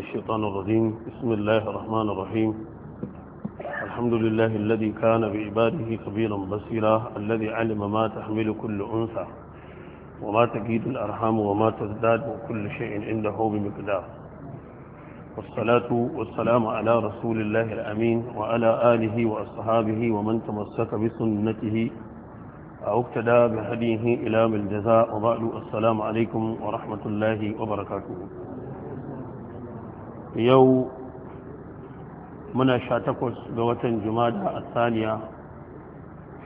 الشيطان الرجيم بسم الله الرحمن الرحيم الحمد لله الذي كان بعباده خبيرا بصيرا الذي علم ما تحمل كل أنثى وما تجيد الأرحام وما تزداد وكل شيء عنده بمقدار والصلاة والسلام على رسول الله الأمين وعلى آله وأصحابه ومن تمسك بسنته أو اقتدى بهديه إلى من الجزاء وبعد السلام عليكم ورحمة الله وبركاته yau muna sha takwas ga watan jumada a saniya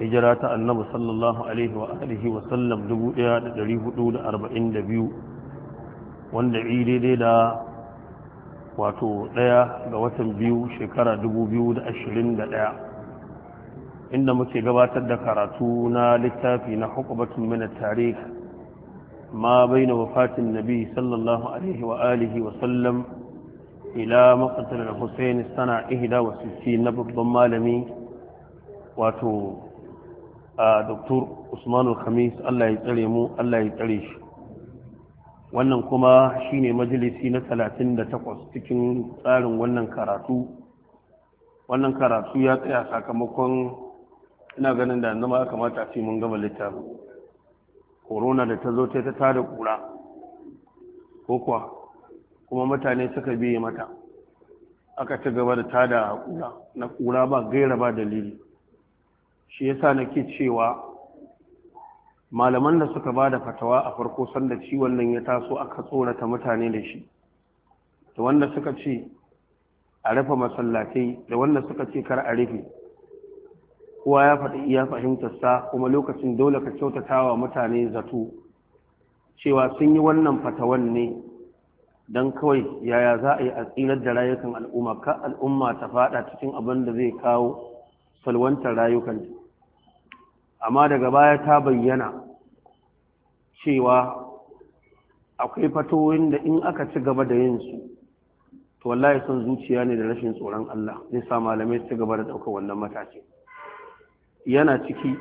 hijira ta annabi sallallahu alaihi wa alihi wa sallam 1442 wanda yi daidai da wato daya ga watan biyu shekara 2021 inda muke gabatar da karatu na littafi na hukubatun mina tarih ma bai na wafatin nabi sallallahu alaihi wa alihi wa sallam ila makatar al-husayn sana 61 na babban malami wato a doktor usman khamis Allah ya tsare mu Allah ya tsare shi wannan kuma shine majalisi na 38 cikin tsarin wannan karatu wannan karatu ya tsaya sakamakon ina ganin da zama ma kamata a mun gama littafin korona da ta zo ta tada kura ko kuwa kuma mutane suka biye mata aka ci gaba da tada hakura na kura ba gaira ba dalili shi yasa nake cewa malaman da suka ba da fatawa a farko sanda ciwon nan ya taso aka tsorata mutane da shi da wanda suka ce a rufe masallatai da wanda suka ce kar a rufe kowa ya faɗi iya sa kuma lokacin dole ka kyautata wa mutane zato cewa sun yi wannan fatawan ne don kawai yaya za a yi a tsirar da rayukan al'umma ka al'umma ta fada cikin abin da zai kawo salwantar rayukan amma daga baya ta bayyana cewa akwai fatoyin da in aka ci gaba da yin su to wallahi son zuciya ne da rashin tsoron Allah zai sa malamai su ci gaba da ɗaukar wannan matakin yana ciki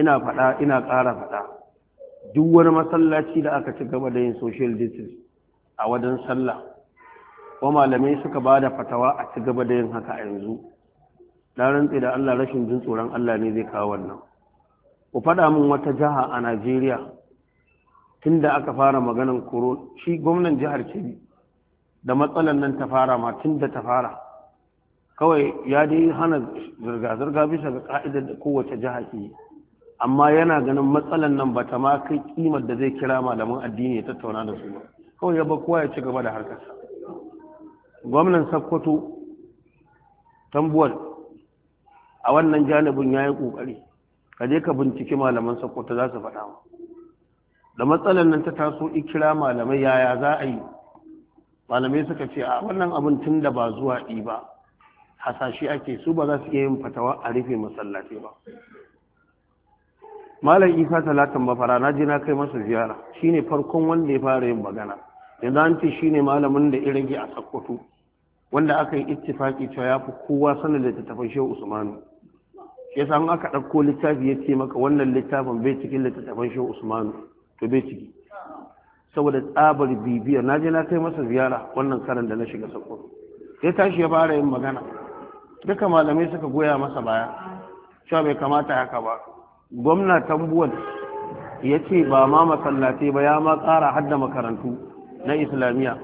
ina faɗa ina ƙara faɗa duk wani masallaci da aka ci gaba da yin social distance a wajen sallah ko malamai suka ba da fatawa a ci gaba da yin haka a yanzu na rantse da Allah rashin jin tsoron Allah ne zai kawo wannan ku faɗa min wata jiha a Najeriya tunda aka fara maganan koro shi gwamnan jihar ce da matsalan nan ta fara ma tunda ta fara kawai ya dai hana zirga-zirga bisa ga ka'idar da kowace jiha ke amma yana ganin matsalan nan ba ta ma kai kimar da zai kira malaman addini ya tattauna da su ba kawai ya bakuwa ya ci gaba da harkarsa gwamnan sakkwato tambuwal a wannan janibin ya yi ƙoƙari ka je ka binciki malaman sakkwato za su faɗa da matsalar nan ta taso ikira malamai yaya za a yi malamai suka ce a wannan abin tun da ba zuwa ɗi ba hasashe ake su ba za su iya yin fatawa a rufe masallaci ba malam isa talatin mafara na je na kai masa ziyara shine farkon wanda ya fara yin magana yanzu ne malamin da irage a sakkwato wanda aka yi ittifaki cewa ya fi kowa sanin littattafan shehu usmanu ya samu aka ɗauko littafi ya ce maka wannan littafin bai cikin littattafan shehu usmanu to bai ciki saboda tsabar bibiyar na je na kai masa ziyara wannan karan da na shiga sakkwato ya tashi ya fara yin magana duka malamai suka goya masa baya cewa bai kamata haka ba gwamna tambuwan ya ce ba ma masallatai ba ya ma ƙara hadda makarantu na islamiyya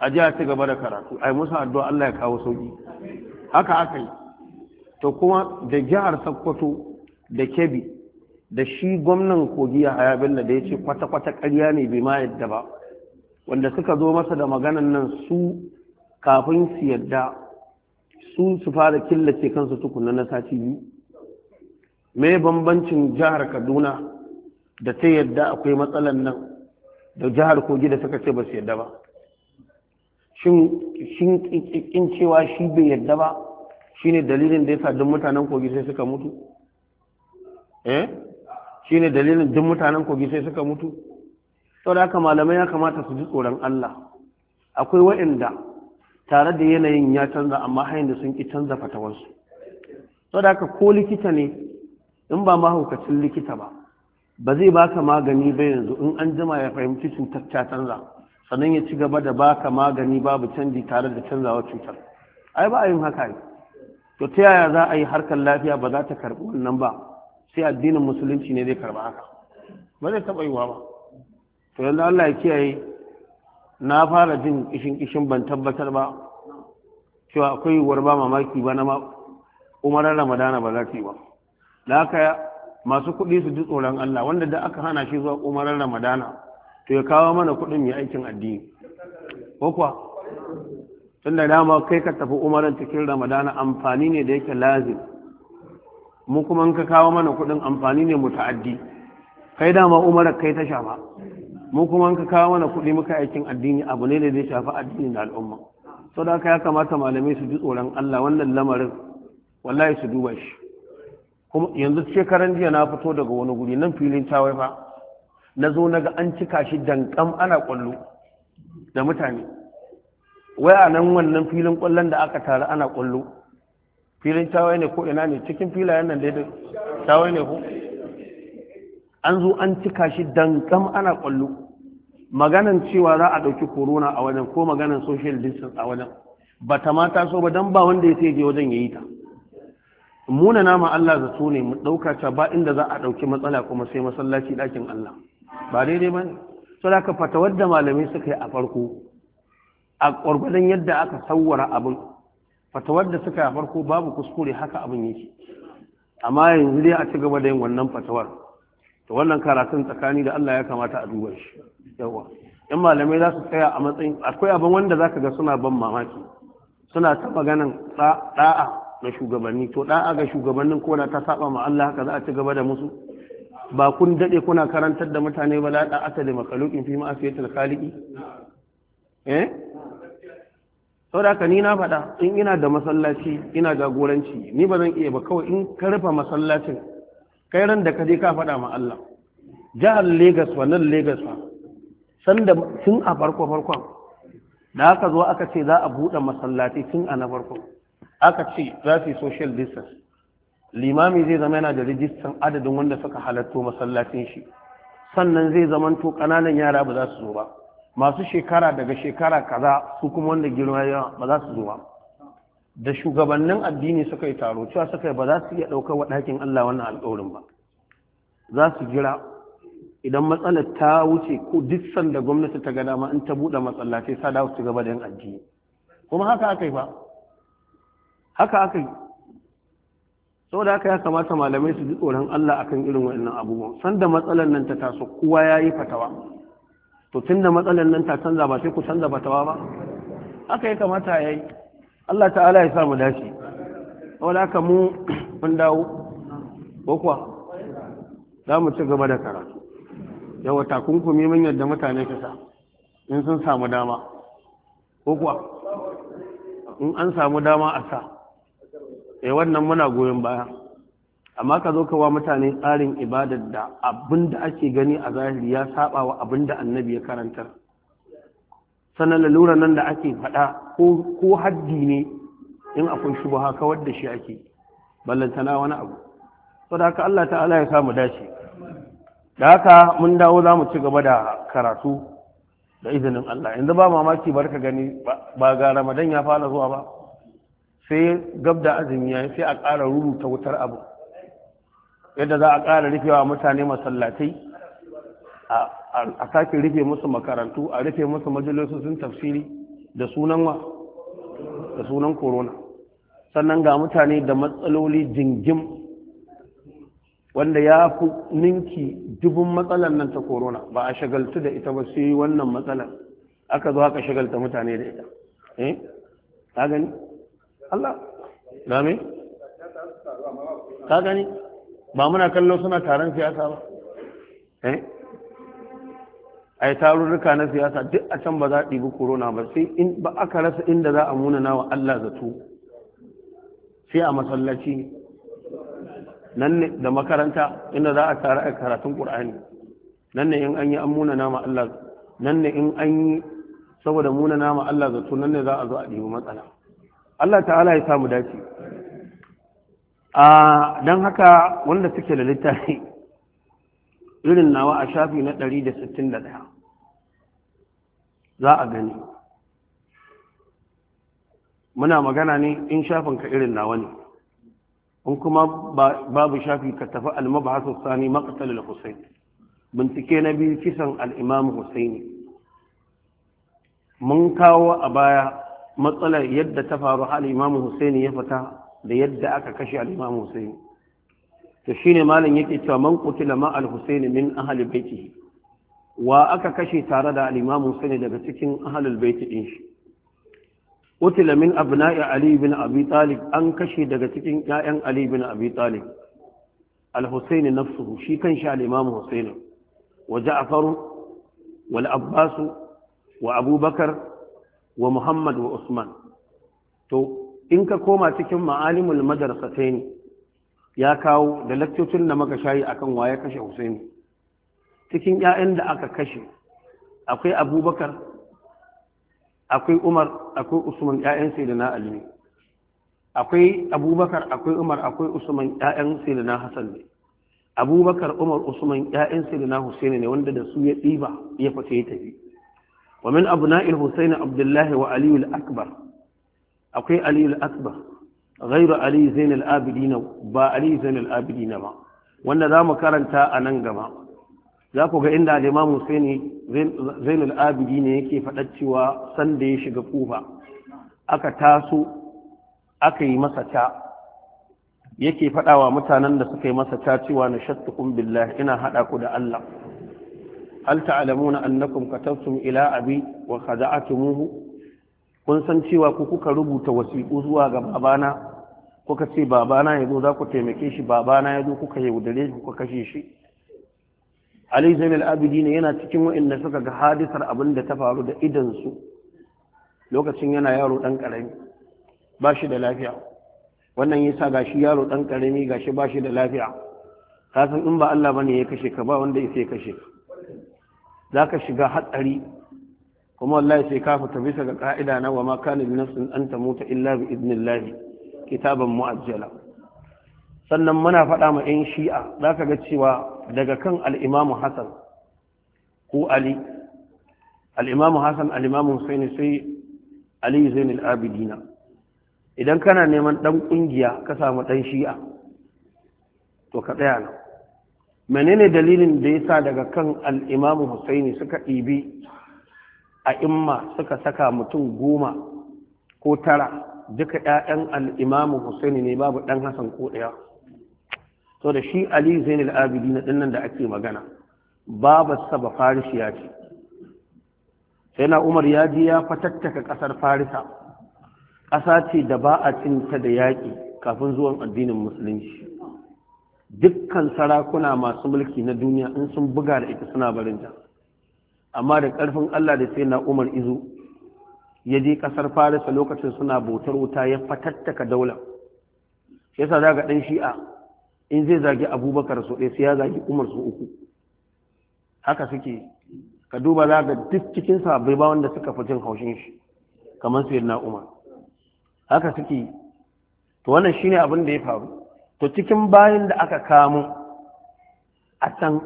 a ji a gaba da karatu ai musu addu'a Allah ya kawo sauki haka aka yi to kuma da jihar Sokoto da Kebbi da shi gwamnan kogi a hayabin da ya ce kwata-kwata ƙarya ne bai ma yadda ba wanda suka zo masa da maganan nan su kafin su yadda su su fara killace kansu tukuna na sati biyu me bambancin jihar kaduna da ta yadda akwai matsalan nan da jihar kogi da suka ce ba su yadda ba shin kin cewa shi bai yadda ba shine dalilin da sa duk mutanen kogi sai suka mutu eh shine dalilin duk mutanen kogi sai suka mutu saboda haka malamai ya kamata su ji tsoron Allah akwai waɗanda tare da yanayin ya canza amma hayan da sun ki canza fatawarsu saboda haka ko likita ne in ba mahaukacin likita ba ba zai baka magani ba yanzu in an jima ya fahimci cutar ta canza sannan ya ci gaba da baka magani babu canji tare da canzawa cutar ai ba a yin haka ne to ta yaya za a yi harkar lafiya ba za ta karɓi wannan ba sai addinin musulunci ne zai karɓa haka ba zai taɓa yiwa ba to yanzu Allah ya kiyaye na fara jin kishin kishin ban tabbatar ba cewa akwai yiwuwar ba mamaki ba na umarar ramadana ba za ta yi ba da haka masu kuɗi su ji tsoron Allah wanda da aka hana shi zuwa umarar Ramadana to ya kawo mana kuɗin ya aikin addini ko kuwa tun da dama kai ka tafi umarar cikin Ramadana amfani ne da yake lazim mu kuma in ka kawo mana kuɗin amfani ne muta'addi kai dama umarar kai ta shafa mu kuma in ka kawo mana kuɗi muka aikin addini abu ne da zai shafi addini da al'umma saboda haka ya kamata malamai su ji tsoron Allah wannan lamarin wallahi su duba shi kuma yanzu shekaran jiya na fito daga wani guri nan filin tawai fa na zo na ga an cika shi dankam ana kwallo da mutane wai a nan wannan filin kwallon da aka tare ana kwallo filin tawai ne ko ina ne cikin filayen nan daidai tawai ne ko an zo an cika shi dankam ana kwallo maganan cewa za a ɗauki corona a wajen ko maganan social distance a wajen ba ta ma so ba don ba wanda ya sai je wajen ya yi ta muna nama Allah zato ne mu ɗauka ta ba inda za a ɗauki matsala kuma sai masallaci ɗakin Allah ba daidai ba ne sau da ka fata malamai suka yi a farko a ƙwargwadon yadda aka sauwara abin fata da suka yi a farko babu kuskure haka abin yake amma yanzu dai a ci gaba da yin wannan fatawar to wannan karatun tsakani da Allah ya kamata a duba shi yawa in malamai za su tsaya a matsayin akwai abin wanda zaka ga suna ban mamaki suna ta maganan da'a na shugabanni to da'a ga shugabannin ko da ta saba ma Allah haka za a ci gaba da musu ba kun dade kuna karantar da mutane ba la da'ata da makalukin fi ma'asiyatil khaliqi eh saboda ka ni na faɗa in ina da masallaci ina jagoranci ni ba zan iya ba kawai in ka rufe masallacin kai ran da ka je ka faɗa ma Allah jihar Legas wa nan Legas san sanda tun a farko farkon da aka zo aka ce za a buɗe masallaci tun a na farko aka ce za su yi social distance limami zai zama yana da rijistan adadin wanda suka halatto masallacin shi sannan zai zamanto kananan yara ba za su zo ba masu shekara daga shekara kaza su kuma wanda girma yawa ba za su zo ba da shugabannin addini suka yi taro cewa suka yi ba za su iya ɗaukar wa ɗakin Allah wannan alƙawarin ba za su jira idan matsalar ta wuce ko duk sanda gwamnati ta ga dama in ta buɗe masallatai sa da su gaba da yin addini kuma haka aka yi ba haka aka yi saboda haka ya kamata malamai su ji tsoron Allah akan irin waɗannan abubuwan da matsalar nan ta taso kowa ya yi fatawa to tun da matsalar nan ta canza ba sai ku canza fatawa ba haka ya kamata ya yi Allah ta'ala ya sa mu dace saboda haka mu mun dawo ko kuwa za mu ci gaba da karatu yawa takunkumi mun yadda mutane ka sa in sun samu dama ko kuwa in an samu dama a sa eh wannan muna goyon baya amma ka zo kawa mutane tsarin ibadar da abinda da ake gani a zahiri ya saba wa abin annabi ya karantar sannan lalura nan da ake faɗa ko haddi ne in akwai ba kawar da shi ake ballantana wani abu saboda haka Allah ta'ala ya samu dace da haka mun dawo za mu ci gaba da karatu da izinin Allah yanzu ba mamaki barka gani ba ga ramadan ya fara zuwa ba sai gab da azumi ya sai a ƙara rubuta wutar abu yadda za a ƙara rufewa mutane masallatai a sake rufe musu makarantu a rufe musu majalisosin tafsiri da sunan wa da sunan corona sannan ga mutane da matsaloli jingim wanda ya fi ninki dubun matsalar nan ta korona ba a shagaltu da ita ba sai wannan matsalar aka zo haka shagalta mutane da ita eh ka gani Allah na me ka gani ba muna kallo suna taron siyasa ba eh ai tarurruka na siyasa duk a can ba za a ɗibi korona ba sai in ba aka rasa inda za a muna wa Allah zato sai a masallaci nan ne da makaranta inda za a tara a karatun Qur'ani nan ne in an yi an muna nama Allah nan ne in an yi saboda muna nama Allah zato nan ne za a zo a ɗibi matsala Allah ta'ala ya samu dace a don haka wanda suke da littafi irin nawa a shafi na 161 za a gani muna magana ne in shafin ka irin nawa ne in kuma babu shafi ka tafi almabahasu sani makasalar hussein bincike na biyu kisan al'imam hussein mun kawo a baya matsalar yadda ta faru hal imamu husaini ya fita da yadda aka kashe al imamu husaini to shine malam yake cewa man qutila ma al husaini min ahli baitihi wa aka kashe tare da al imamu husaini daga cikin ahlul baiti din shi qutila min abna'i ali bin abi talib an kashe daga cikin ƴaƴan ali bin abi talib al husaini nafsuhu shi kanshi al imamu husaini wa ja'far wal abbas wa abubakar wa Muhammad wa Usman to in ka koma cikin ma'alimul madarsatain ya kawo da laktocin da maka shayi akan waye kashe Husaini cikin ƴaƴan da aka kashe akwai Abubakar akwai Umar akwai Usman ƴaƴan Sayyidina Ali ne akwai Abubakar akwai Umar akwai Usman ƴaƴan Sayyidina Hassan ne Abubakar Umar Usman ƴaƴan Sayyidina Husaini ne wanda da su ya ɗiba ya fashe ya tafi wa min abna'il husayn abdullahi wa ali al-akbar akwai ali al-akbar ghayru ali zain al ba ali zain al ba wanda zamu karanta a nan gaba za ku ga inda al-imam husayn zain al ya shiga kufa aka taso aka yi masa ta yake faɗawa mutanen da suka yi masa ta cewa na shattukun billah ina haɗa ku da Allah هل تعلمون annakum كتبتم ila abi wa muhu? kun san cewa ku kuka rubuta wasiƙu zuwa ga babana kuka ce babana yazo za ku taimake shi babana yazo kuka yaudare shi kuka kashe shi Ali Zain al-Abidin yana cikin waɗanda suka ga hadisar abin da ta faru da idan su lokacin yana yaro dan karami ba shi da lafiya wannan yasa gashi yaro dan karami gashi ba shi da lafiya kasan in ba Allah bane ya kashe ka ba wanda ya kashe ka za ka shiga hatsari kuma wallahi sai ka fita bisa ga ka'ida na wa ma kana bi nafsin an tamuta illa bi idnillahi kitaban mu'ajjala sannan muna faɗa ma 'yan shi'a za ka ga cewa daga kan al'imamu hassan ko ali al'imamu hassan al'imamu husaini sai ali zainul abidina idan kana neman ɗan ƙungiya ka samu ɗan shi'a to ka tsaya nan menene dalilin da yasa daga kan al'imamu husaini suka ɗibi a imma suka saka mutum goma ko tara duka ‘ya'yan al'imamu husaini ne babu ɗan hasan ko ɗaya so da shi ali zainul abidi na ɗinnan da ake magana babu saba farishiya ce sai na umar ya ji ya fatattaka ƙasar farisa ƙasa ce da ba a cinta da yaƙi kafin zuwan addinin musulunci dukkan sarakuna masu mulki na duniya in sun buga da ita suna barinta amma da ƙarfin Allah da sai na Umar izo ya je ƙasar a lokacin suna bautar wuta ya fatattaka daula yasa za ga ɗan shi'a in zai zagi abubakar so ɗaya sai ya zagi umar so uku haka suke ka duba za ga duk cikin sabai ba wanda suka fi jin haushin shi kamar su na umar haka suke to wannan shine abin da ya faru to cikin bayan da aka kamo a can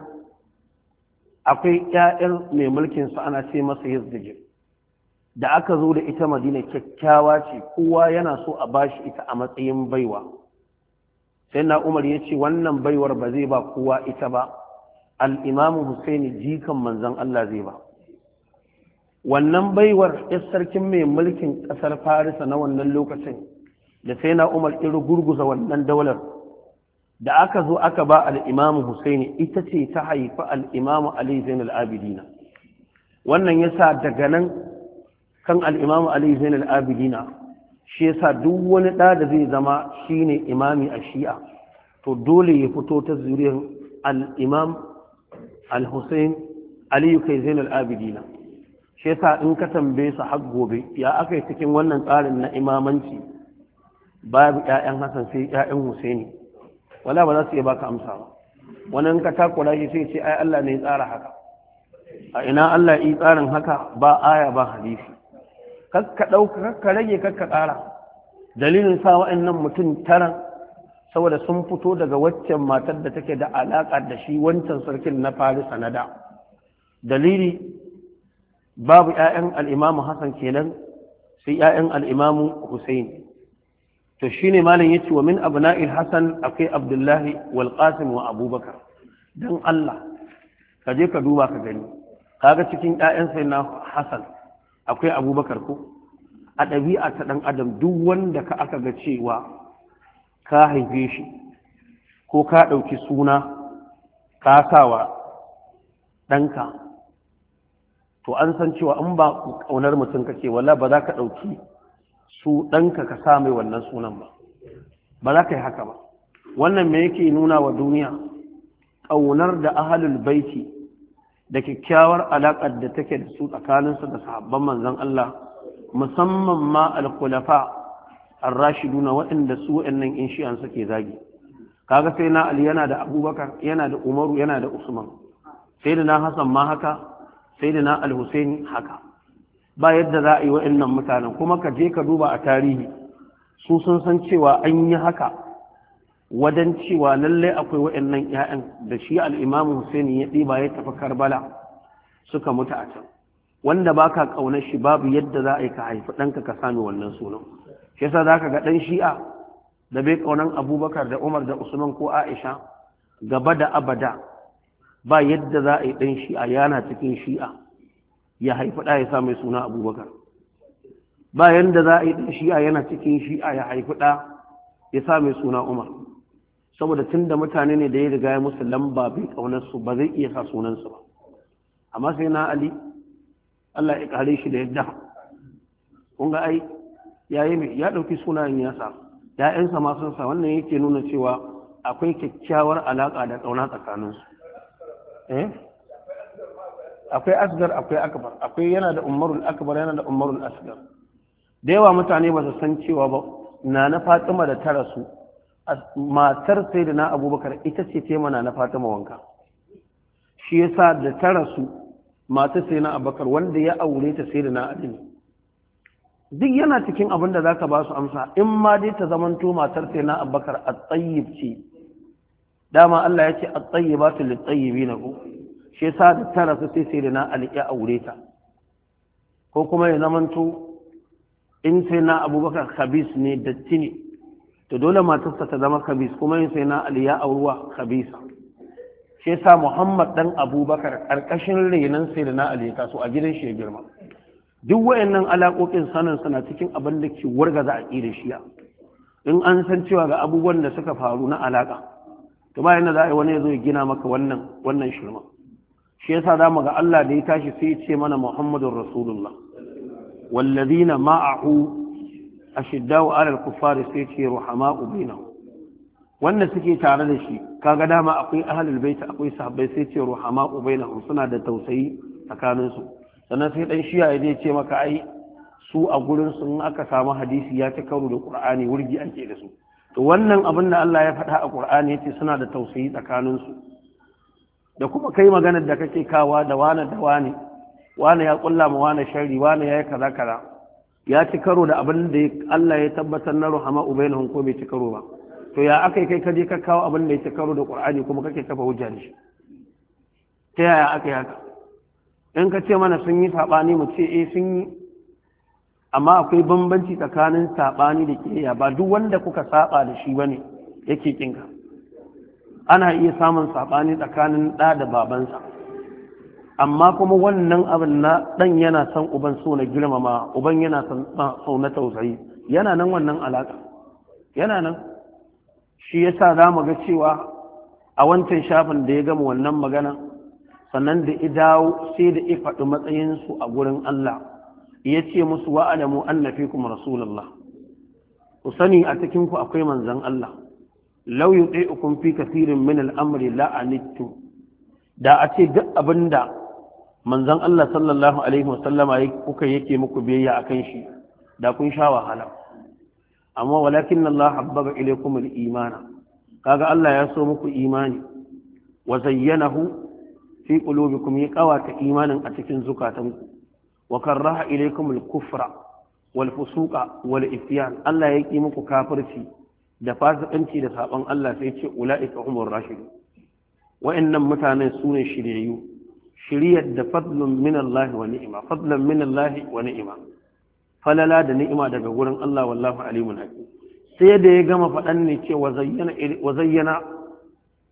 akwai ‘ya'yan mai mulkin su ana ce masa yazdijir da aka zo da ita madina kyakkyawa ce kowa yana so a ba shi ita a matsayin baiwa sai na umar ya ce wannan baiwar ba zai ba kowa ita ba al'imamu husaini jikan manzan Allah zai ba wannan baiwar ya sarkin mai mulkin ƙasar farisa na wannan lokacin da sai na umar irin gurguza wannan daular da aka zo aka ba al'imamu Husaini ita ce ta haifi al'imamu Ali Zainal Abidina. Wannan ya sa daga nan kan al'imamu Ali Zainal Abidina shi ya sa duk wani ɗa da zai zama shi ne imami a shi'a, to dole ya fito ta zuriyar al'imam al-Husain Aliyu kai Zainal Abidina. Shi ya sa in ka tambaye su har gobe, ya aka yi cikin wannan tsarin na imamanci babu ‘ya'yan Hassan sai ‘ya'yan Husaini. wala ba za su iya baka amsa ba wani in ka takura shi sai ce ai Allah ne ya tsara haka a ina Allah yi tsarin haka ba aya ba hadisi kakka ɗauka kakka rage kakka tsara. dalilin sa wa'annan mutum tara saboda sun fito daga waccan matar da take da alaƙa da shi wancan sarkin na farisa na da dalili babu 'ya'yan al'imamu hassan kenan sai 'ya'yan al'imamu husaini to shine malam yace wa min abna'il hasan akai abdullahi wal qasim wa abubakar dan Allah ka je ka duba ka gani kaga cikin ƴaƴan na Hassan akwai abubakar ko a ɗabi'a ta ɗan adam duk wanda ka aka ga cewa ka haife shi ko ka ɗauki suna ka sawa ɗanka to an san cewa an ba ƙaunar mutum kake wallahi ba za ka ɗauki su ɗanka ka sa mai wannan sunan ba ba za ka yi haka ba wannan me yake nuna wa duniya ƙaunar da ahalul baiti da kyakkyawar alaƙar da take da su tsakaninsu da sahabban manzan Allah musamman ma al-khulafa ar-rashiduna waɗanda su waɗannan shi'an suke zagi kaga sai na Ali yana da Abubakar yana da Umaru yana da Usman sai da na Hassan ma haka sai da na Al-Husaini haka ba yadda za a yi wa'annan mutanen kuma ka je ka duba a tarihi su sun san cewa an yi haka wadan cewa lallai akwai wa'annan 'ya'yan da shi al'imamu Hussein ya ɗiba ya tafi Karbala suka mutu a can wanda ba ka ƙaunar shi babu yadda za a yi ka haifi ɗanka ka sami wannan sunan shi yasa ka ga ɗan shi'a da bai ƙaunar Abubakar da Umar da Usman ko Aisha gaba da abada ba yadda za a yi ɗan shi'a yana cikin shi'a ya haifi ɗa ya sa mai suna abubakar bayan da za a yi shi'a yana cikin shi'a ya haifi ɗa ya sa mai suna umar saboda tun da mutane ne da ya riga ya musu lamba bai ƙaunarsu ba zai iya sa sunansu ba amma sai na ali allah ya kare shi da yadda kun ga ai ya yi mai ya ɗauki sunayen yasa ya'yansa ma sun sa wannan yake nuna cewa akwai kyakkyawar alaƙa da ƙauna tsakaninsu eh akwai asgar akwai akbar akwai yana da umarul akbar yana da umarul asgar da yawa mutane ba su san cewa ba na na fatima da tara su matar sai da na abubakar ita ce ce mana na fatima wanka shi yasa da tara su matar sai na abubakar wanda ya aure ta sai da na adini duk yana cikin abin da ka ba su amsa in ma dai ta to matar sai na abubakar a tsayyib ce dama Allah ya ce a tsayyibatu lit tsayyibina ko shi yasa da tara su sai sai na alƙi ya aure ta ko kuma ya zamanto in sai na abubakar khabis ne datti ne to dole matarsa ta zama khabis kuma in sai na aliya a ruwa khabisa shi yasa muhammad dan abubakar karkashin renan sai na aliya ta so a gidan shi ya girma duk wayannan alaƙoƙin sanin suna cikin abin da ke wargaza a da shiya in an san cewa ga abubuwan da suka faru na alaƙa to bayan da za a yi wani ya zo ya gina maka wannan wannan shirma shi yasa za mu ga Allah da ya tashi sai ya ce mana Muhammadun Rasulullah wallazina ma'ahu ashiddau alal kufari sai ce ruhama'u bainahu wanda suke tare da shi kaga dama akwai ahlul bait akwai sahabbai sai ce ruhama'u bainahum suna da tausayi tsakanin su sannan sai dan shiya ya ce maka ai su a gurin in aka samu hadisi ya ci karo da Qur'ani wurgi ake da su to wannan abin da Allah ya faɗa a Qur'ani yace suna da tausayi tsakanin su da kuma kai maganar da kake kawa da wane da wane wane ya kulla ma wane shari wane ya yi kaza kaza ya ci karo da abin da Allah ya tabbatar na ruhama ubainahum ko bai ci karo ba to ya aka kai kaje ka kawo abin da ya ci karo da qur'ani kuma kake kafa hujja da shi ta yaya aka yi haka in ka ce mana sun yi saɓani mu ce eh sun yi amma akwai bambanci tsakanin saɓani da kiyaya ba duk wanda kuka saɓa da shi bane yake kinka ana iya samun saɓani tsakanin ɗa da babansa amma kuma wannan abin na ɗan yana son uban so na girmama uban yana son so na tausayi yana nan wannan alaƙa yana nan shi ya sa za mu ga cewa a wancan shafin da ya gama wannan magana sannan da dawo sai da ya faɗi matsayinsu a gurin Allah ya ce musu wa'alamu annafikum rasulullah ku sani a cikinku akwai manzon Allah law yuti'ukum fi kathirin min al-amri la'anittu da a ce duk abinda manzon Allah sallallahu alaihi wasallama kuka yake muku biyayya akan shi da kun sha wahala amma walakin Allah habbaba ilaykum al-imana kaga Allah ya so muku imani wa zayyanahu fi qulubikum ya kawata imanin a cikin zukatanku wa karraha ilaykum al-kufra wal fusuqa wal ifyan Allah ya ki muku kafirci da fasikanci da saban Allah sai ce ula'ika umar rashidu wa'annan mutanen su ne shiryayyu shiryar da fadlun min Allah wa ni'ima fadlan min Allah wa ni'ima falala da ni'ima daga gurin Allah wallahu alimun hakim sai da ya gama faɗan ne ce wa zayyana wa zayyana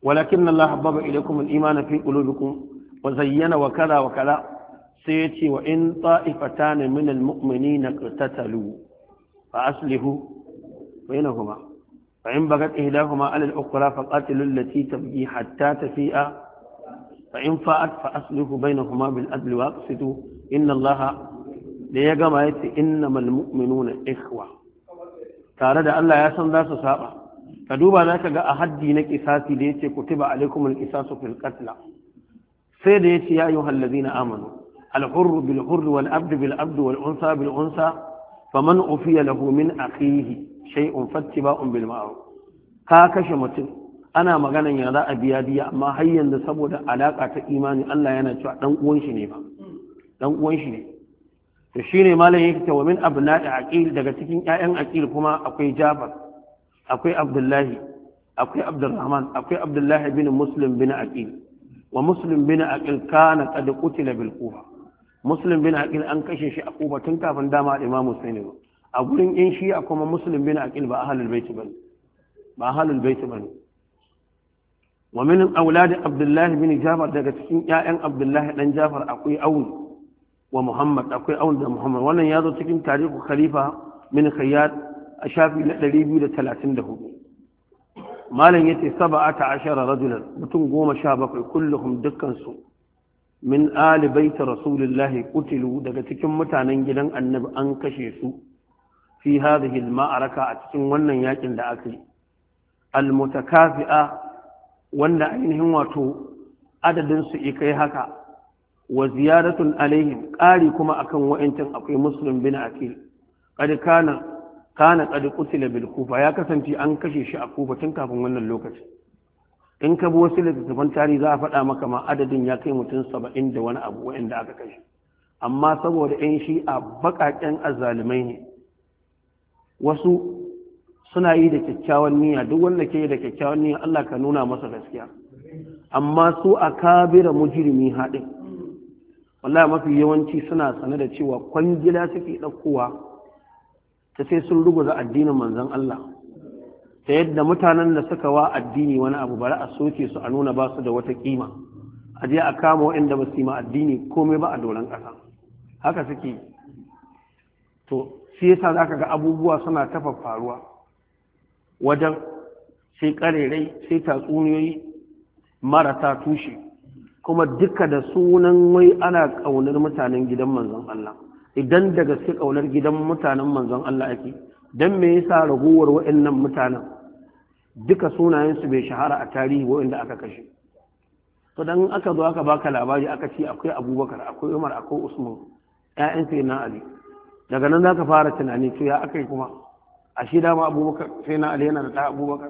walakin Allah habbaba ilaykum al-iman fi qulubikum wa zayyana wa kala wa kala sai ya ce wa in ta'ifatan min al-mu'minina qatatalu fa aslihu bainahuma فإن بغت إهداهما على الأخرى فقاتلوا التي تبغي حتى تفيء فإن فاءت فأصله بينهما بالأدل وأقسطوا إن الله ليقام يتي إنما المؤمنون إخوة تارد الله يسن ذا سسابة فدوبا ذاك جاء أحد دينك إساسي ليتي كتب عليكم الإساس في القتلى سيد يا أيها الذين آمنوا الحر بالحر والأبد بالأبد والأنثى بالأنثى faman ufiya lahu min akhihi shay'un fattiba'un bil ma'ruf ka kashe mutum ana magana ya za a biya diya amma har yanzu saboda alaka ta imani Allah yana cewa dan uwan shi ne ba dan uwan shi ne to shine malam yake cewa min abna'i aqil daga cikin ƴaƴan aqil kuma akwai Jafar akwai Abdullahi akwai Abdurrahman akwai Abdullahi bin Muslim bin Aqil wa Muslim bin Aqil kana qad qutila bil Kufa muslim bin aqil an kashe shi a kuba tun kafin dama da imam husaini ba a gurin in shi a kuma muslim bin aqil ba ahlul bait bane ba ahlul bait bane wa min aulad abdullah bin jafar daga cikin ƴaƴan abdullah dan jafar akwai aun wa muhammad akwai aun da muhammad wannan ya zo cikin tarihu khalifa min khayyat a shafi na 234 malam yace sab'ata ashara rajulan mutum 17 kulluhum dukkan su min alibaita baiti rasulillahi qutilu daga cikin mutanen gidan annabi an kashe su fi hadhihi al-ma'araka a cikin wannan yakin da aka yi al-mutakafi'a wanda ainihin wato adadin su kai haka wa ziyaratun alaihim qari kuma akan wa'antin akwai muslim bin akil qad kana kana qad qutila bil kufa ya kasance an kashe shi a kufa tun kafin wannan lokaci in ka bi wasu littattafan tarihi za a faɗa maka ma adadin ya kai mutum saba'in da wani abu wa'inda aka kashe amma saboda 'yan a baƙaƙen azzalumai ne wasu suna yi da kyakkyawan niyya duk wanda ke da kyakkyawan niyya Allah ka nuna masa gaskiya amma su a kabira mujirimi haɗin wallahi mafi yawanci suna sane da cewa kwangila suke ɗaukowa ta sai sun ruguza addinin manzon Allah ta yadda mutanen da suka wa addini wani abu bari a soke su a nuna ba su da wata kima a je a kama waɗanda ba su yi ma addini komai ba a doron ƙasa haka suke to shi yasa za ka ga abubuwa suna tafa faruwa wajen sai ƙarerai sai tatsuniyoyi marasa tushe kuma duka da sunan wai ana ƙaunar mutanen gidan manzon Allah idan daga gaske ƙaunar gidan mutanen manzon Allah ake don me yasa ragowar waɗannan mutanen duka sunayensu bai shahara a tarihi waɗanda aka kashe to dan aka zo aka baka labari aka ce akwai abubakar akwai umar akwai usman ƴaƴan sai na ali daga nan zaka fara tunani to ya akai kuma a shi dama abubakar sai na ali yana da ta abubakar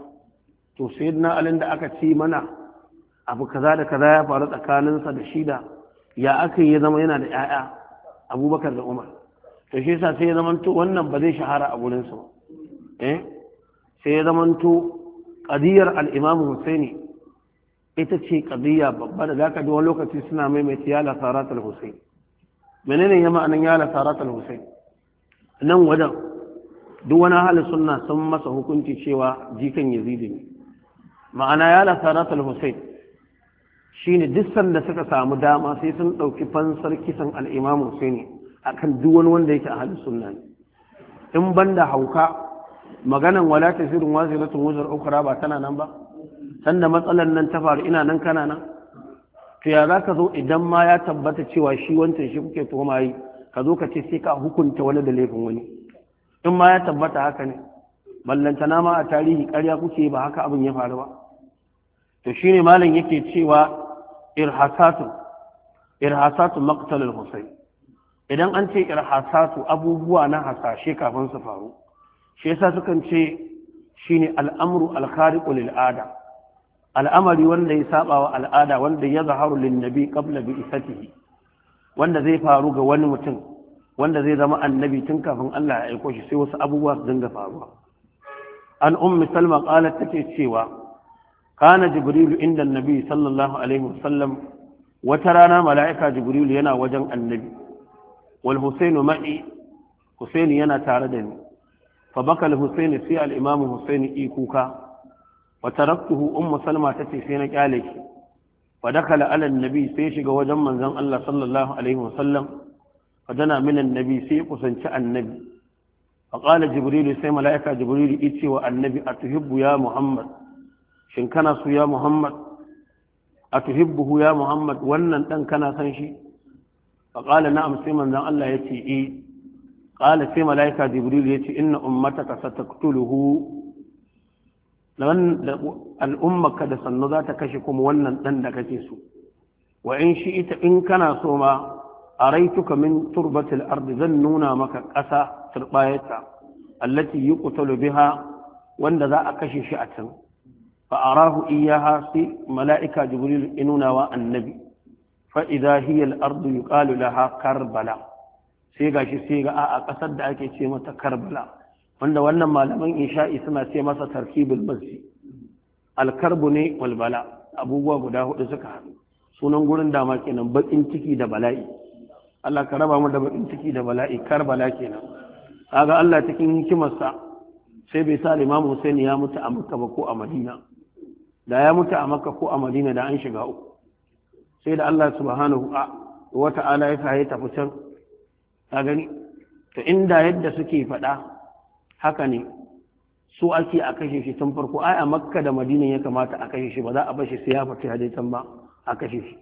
to sai na ali da aka ce mana abu kaza da kaza ya faru tsakaninsa da shida ya aka yi zama yana da ƴaƴa abubakar da umar to shi yasa sai ya zamanto wannan ba zai shahara a gurin sa eh sai ya zamanto qadiyar al-imam Husaini ita ce qadiya babba da zaka ji wani lokaci suna maimaita ya la al Husaini menene ya ma'anan ya la al Husaini nan wajen duk wani halin sunna sun masa hukunci cewa jikan yazidi ne ma'ana ya la al Husaini shine duk sanda suka samu dama sai sun ɗauki fansar kisan Al-Imam Husaini akan duk wani wanda yake halin sunna ne in banda hauka maganan wala ta tasirin waziratun wuzar okra ba tana nan ba sanda matsalar nan ta faru ina nan kana nan to ya za ka zo idan ma ya tabbata cewa shi wancan shi kuke tuhuma yi ka zo ka ce sai ka hukunta wani da laifin wani in ma ya tabbata haka ne ballantana ma a tarihi karya kuke ba haka abin ya faru ba to shine malam yake cewa irhasatu irhasatu maqtal idan an ce irhasatu abubuwa na hasashe kafin su faru shi yasa sukan ce shine al'amru al-khariqu lil al'amari wanda ya saba wa al'ada wanda ya zaharu linnabi nabi qabla bi isatihi wanda zai faru ga wani mutum wanda zai zama annabi tun kafin Allah ya aiko shi sai wasu abubuwa su dinga faruwa an ummi salma qalat take cewa kana jibrilu inda annabi sallallahu alaihi wasallam wata rana mala'ika jibrilu yana wajen annabi wal husainu ma'i yana tare da ni fa baka al husaini sai al imam husaini i kuka wa taraktuhu ummu salma tace sai na kyale ki fa dakala ala nabi sai shiga wajen manzon Allah sallallahu alaihi wasallam fa dana min annabi sai kusanci annabi fa qala jibril sai malaika Jibrilu ice wa annabi atuhibbu ya muhammad shin kana su ya muhammad atuhibbuhu ya muhammad wannan dan kana san shi فقال نعم سيما ذا الله يتي إيه قال في ملائكة جبريل يتي إن أمتك ستقتله لمن الأمة كده سنذات كشكم ونن دندك تيسو وإن شئت إن كان سوما أريتك من تربة الأرض ذنونا مك أسا ترقايتا التي يقتل بها وأن ذا أكشي شأتا فأراه إياها في ملائكة جبريل إننا والنبي fa'iza hiyar ardu yi ƙalu laha karbala sai ga shi sai ga a ƙasar da ake ce mata karbala wanda wannan malaman isha'i suna ce masa tarkibul masjid alkarbu ne walbala abubuwa guda hudu suka haɗu sunan gurin dama kenan bakin ciki da bala'i Allah ka raba mu da bakin ciki da bala'i karbala kenan kaga Allah cikin hikimarsa sai bai sa Imam Hussein ya mutu a Makka ba ko a Madina da ya mutu a Makka ko a Madina da an shiga uku sai da Allah subhanahu wa ta'ala ya sahi tafi can ka gani to inda yadda suke faɗa haka ne su ake a kashe shi tun farko ai a makka da madina ya kamata a kashe shi ba za a bashi sai ya fita can ba a kashe shi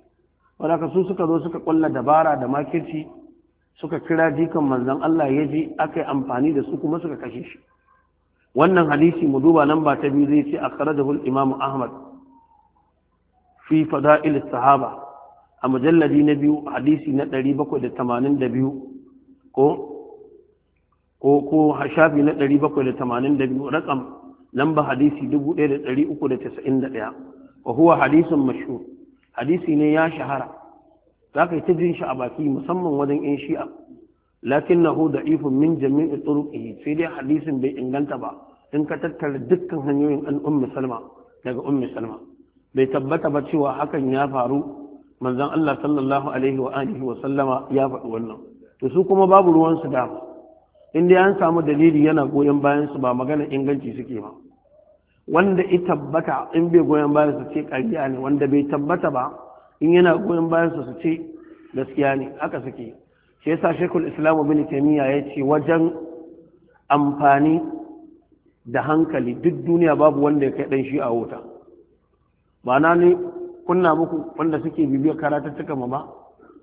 wadaka su suka zo suka kulla dabara da makirci suka kira jikan manzon Allah ya ji aka yi amfani da su kuma suka kashe shi wannan hadisi mu duba nan ba ta biyu zai ce akhrajahu al-imam Ahmad fi fada'il as-sahaba a mujalladi na biyu hadisi na 782 ko ko ko shafi na 782 rakam lamba hadisi 1391 wa huwa hadisin mashhur hadisi ne ya shahara ka yi ta jin shi a baki musamman wajen yan shi'a lakin da ifin min jami'i turuqihi sai dai hadisin bai inganta ba in ka tattara dukkan hanyoyin an ummi salma daga ummi salma bai tabbata ba cewa hakan ya faru Manzan Allah sallallahu alaihi wa wa sallama ya faɗi wannan to su kuma babu ruwan su da in dai samu dalili yana goyon bayan su ba magana inganci suke ba wanda ya tabbata in bai goyon bayan su ce ƙarya ne wanda bai tabbata ba in yana goyon bayan su su ce gaskiya ne haka suke shi yasa shekul islam ibn taymiya ya ce wajen amfani da hankali duk duniya babu wanda ya kai ɗan shi a wuta ma'ana ne kunna muku wanda suke bibiyar karatuttuka ma ba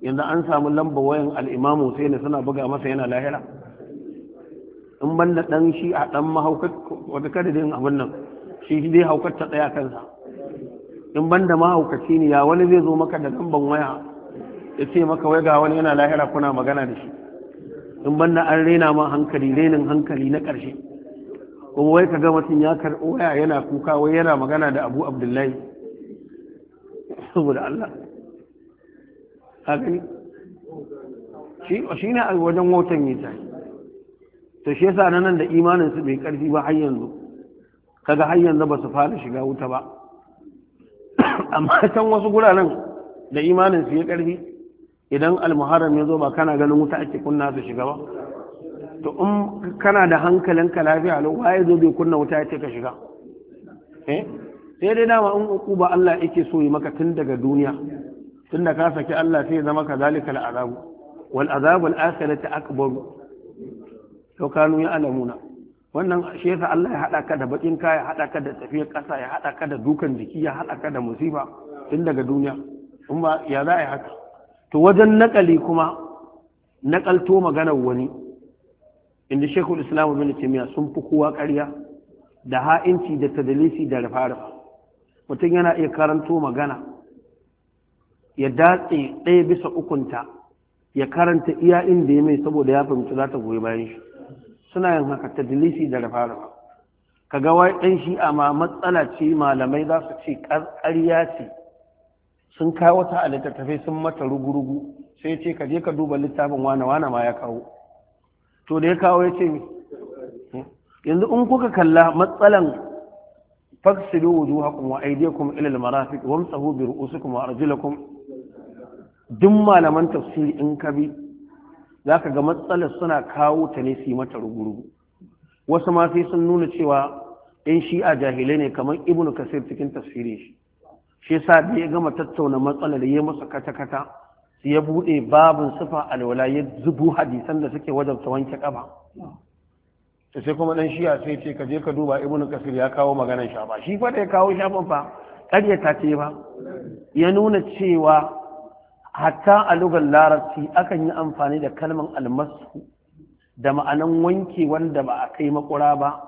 yanzu an samu lamba wayan al'imamu sai ne suna buga masa yana lahira in ban da ɗan shi a ɗan mahaukar wata kada din abin nan shi dai haukar ta tsaya kansa in ban da mahaukaci ne ya wani zai zo maka da lamban waya ya ce maka wai ga wani yana lahira kuna magana da shi in ban da an rena ma hankali renin hankali na ƙarshe kuma wai ka ga mutum ya karɓi waya yana kuka wai yana magana da abu abdullahi saboda Allah hakan shi ne a wajen watan ya tashi to shi yasa nan da imaninsu su bai karfi ba har yanzu kaga har yanzu ba su fara shiga wuta ba amma can wasu guraren da imaninsu ya karfi idan almuharram ya zo ba kana ganin wuta ake kunna su shiga ba to in kana da hankalinka lafiya lau waye zo bai kunna wuta ya ce ka shiga eh sai dai dama in uku ba Allah yake so yi maka tun daga duniya tun da ka saki Allah sai zama ka zalika al'azabu wal azabul akhirati akbar to kanu ya alamuna wannan shi yasa Allah ya hada ka da bakin ka ya hada ka da tafiyar kasa ya hada ka da dukan jiki ya hada ka da musiba tun daga duniya in ba ya za a yi haka to wajen nakali kuma nakalto maganar wani inda shekul islam bin timiya sun fi kowa ƙarya da ha'inci da tadalisi da rufa-rufa mutum yana iya karanto magana ya datse ɗaya bisa ukunta ya karanta iya inda ya mai saboda ya fahimci za ta goyi bayan shi suna yin haka ta dilisi da rafa rafa ka ga wai ɗan shi amma matsala ce malamai za su ce ƙarƙarya ce sun kawo ta a sun mata rugurugu sai ce ka je ka duba littafin wane wane ma ya kawo to da ya kawo ya ce yanzu in kuka kalla matsalan فاغسلوا وجوهكم وايديكم الى المرافق وامسحوا برؤوسكم وارجلكم duk malaman tafsiri in ka bi za ga matsalar suna kawo ta ne su mata rugurugu wasu ma sai sun nuna cewa in shi'a jahilai ne kamar ibnu kasir cikin tafsirin shi shi yasa da ya gama tattauna matsalar ya masa kata-kata ya buɗe babin sufa alwala ya zubu hadisan da suke wajabta wanke ƙaba sai kuma dan shiya sai ce ka je ka duba ibnu kasir ya kawo maganar shafa shi fa da ya kawo shafan fa ta ce ba ya nuna cewa hatta a lugar larabci akan yi amfani da kalmar almasu da ma'anan wanke wanda ba a kai makura ba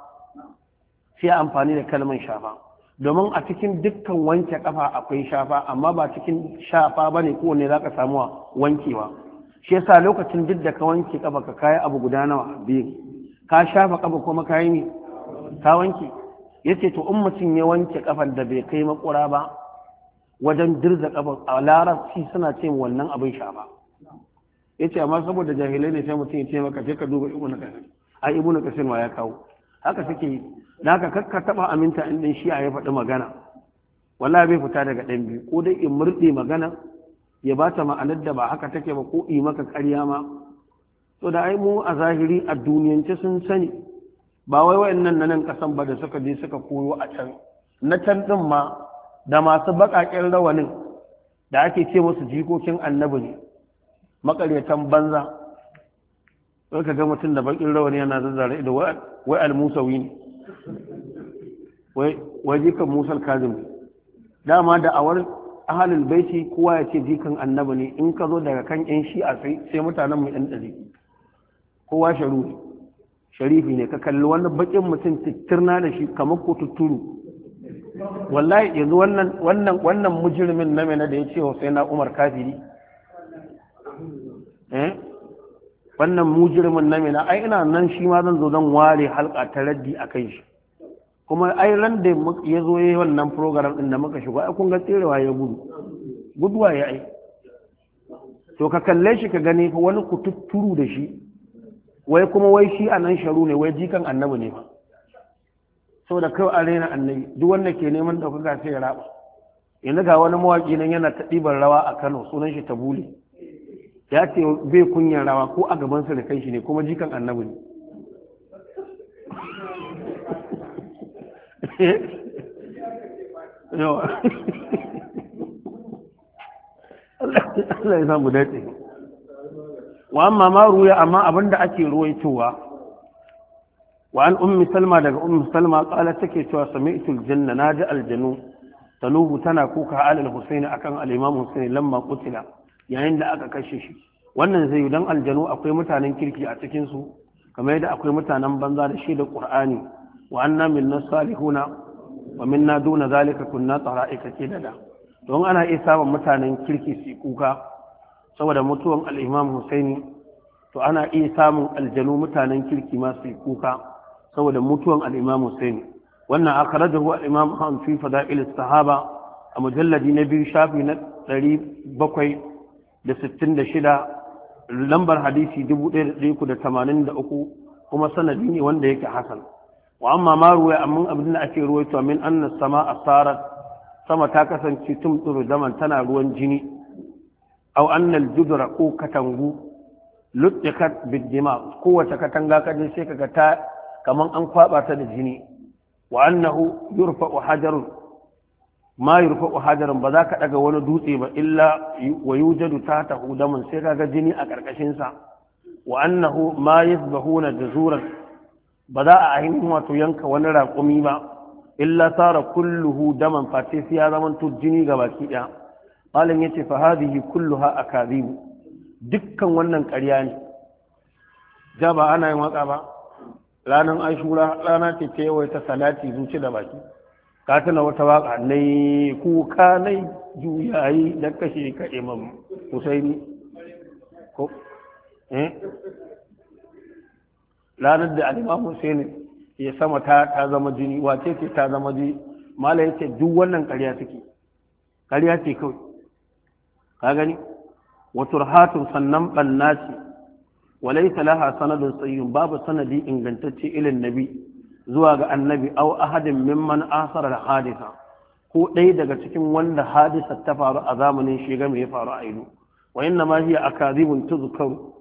sai amfani da kalman shafa domin a cikin dukkan wanke kafa akwai shafa amma ba cikin shafa ba ne kowane za ka samuwa wankewa shi yasa lokacin duk da ka wanke kafa ka kayi abu guda nawa biyu ka shafa kafa ko makayi ne? ka wanke Ya ce to in mutum ya wanke kafan da bai kai makura ba wajen dirza kafan a larabci suna ce wannan abin Ya ce amma saboda jahilai ne sai mutum ya ce maka sai ka duba ibnu kasir a ibuna kasir ma ya kawo haka suke yi na ka kakka taba aminta in din a ya faɗi magana wallahi bai fita daga ɗan biyu ko dai in murɗe magana ya ba ta ma'anar da ba haka take ba ko yi maka ƙarya ma to da ai mu a zahiri a duniyance sun sani ba wai wayannan nan kasan ba da suka je suka koyo a can na can din ma da masu baƙaƙen rawanin da ake ce musu jikokin annabi ne banza sai ka ga mutum da baƙin rawani yana zazzara ido wai al-musawi ne wai wai jikan musal kazim dama da awar ahalul baiti kowa ya ce jikan annabi ne in ka zo daga kan yan shi'a sai mutanen mu yan ɗari kowa ne sharifi ne ka kalli wani bakin mutum tirna da shi kamar ko tutturu wallahi yanzu wannan wannan wannan mujrimin na mena da ya ce sai na Umar kafiri eh wannan mujrimin na mena ai ina nan shi ma zan zo zan ware halka ta raddi akan shi kuma ai ran da ya zo yayi wannan program din da muka shigo ai kun ga tserewa ya gudu guduwa ya ai to ka kalle shi ka gani wani kututturu da shi wai kuma wai shi a nan sharu ne wai jikan annabi ne ba da kawai an raina annabi duk wanda ke neman ɗaukaka sai ya raba yanzu ga wani mawaƙi nan yana ta ɗiban rawa a kano sunan shi tabuli ya ce bai kunyan rawa ko a gaban sa da kai shi ne kuma jikan annabi ne Allah ya samu dace. wa amma ma ruya amma abinda ake ruwaitowa wa an ummi salma daga ummi salma kala take cewa sami'tu janna naji aljanu tanubu tana kuka alal husaini akan al-imam husaini lamma qutila yayin da aka kashe shi wannan zai dan aljanu akwai mutanen kirki a cikin su kamar yadda akwai mutanen banza da shi da qur'ani wa anna minna salihuna wa minna duna zalika kunna tara'ika kidada don ana iya samun mutanen kirki su kuka saboda mutuwan al'imam husaini to ana iya samun aljanu mutanen kirki masu yi kuka saboda mutuwan al'imam husaini wannan aka rajahu al'imam hamfi fada'il sahaba a mujalladi na biyu shafi na ɗari bakwai da sittin da shida lambar hadisi dubu ɗaya da ɗaya da tamanin da uku kuma sanadi ne wanda yake hasan wa amma ma ruwa amma abin da ake ruwaito min annas sama asarat sama ta kasance tumtsuru zaman tana ruwan jini aw annal judra ko katangu luttikat biddima kowace katanga kaje sai kaga ta kaman an kwaba ta da jini wa annahu yurfa'u hajarun ma yurfa'u hajarun ba za ka daga wani dutse ba illa wa yujadu tahtahu damun sai kaga jini a karkashin sa wa annahu ma yasbahuna juzuran ba za a ainihin wato yanka wani raƙumi ba illa sara kulluhu daman fatisiya zaman jini ga baki ɗaya malam yace fa hadhihi kulluha akadhib dukkan wannan ƙarya ne ja ba ana yin waka ba ranar ashura rana ce ta yawaita salati zuci da baki ka tuna wata waka ne kuka ne, juyayi da kashe ka imam ne? ko eh ranar da al-imam ya sama ta ta zama jini wace ce ta zama jini ya ce duk wannan ƙarya take ƙarya ce kawai ka gani wa turhatun sannan banna ce wa laysa laha sanadun babu sanadi ingantacce ilin nabi zuwa ga annabi au ahadin mimman asara al hadisa ko ɗaya daga cikin wanda hadisa ta faru a zamanin shiga mai faru a ido wa inna ma hiya akadibun tuzkaru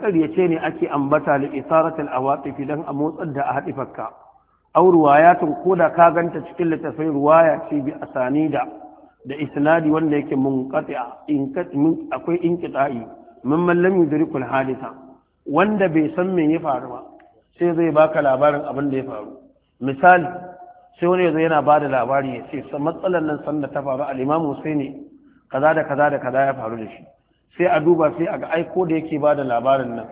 ƙaryace ne ake ambata da isaratin a watsafi, don a motsar da a fakka au ruwayatun ko da ka ganta cikin littattafai ruwaya ce bi a sani da da isnadi wanda yake munqati'a in akwai inqita'i man lam yudrikul hadisa wanda bai san me ya faru ba sai zai baka labarin abin da ya faru misali sai wani yazo yana bada labari ya ce matsalar nan sanda ta faru al sai husaini kaza da kaza da kaza ya faru da shi sai a duba sai a ga ko da yake bada labarin nan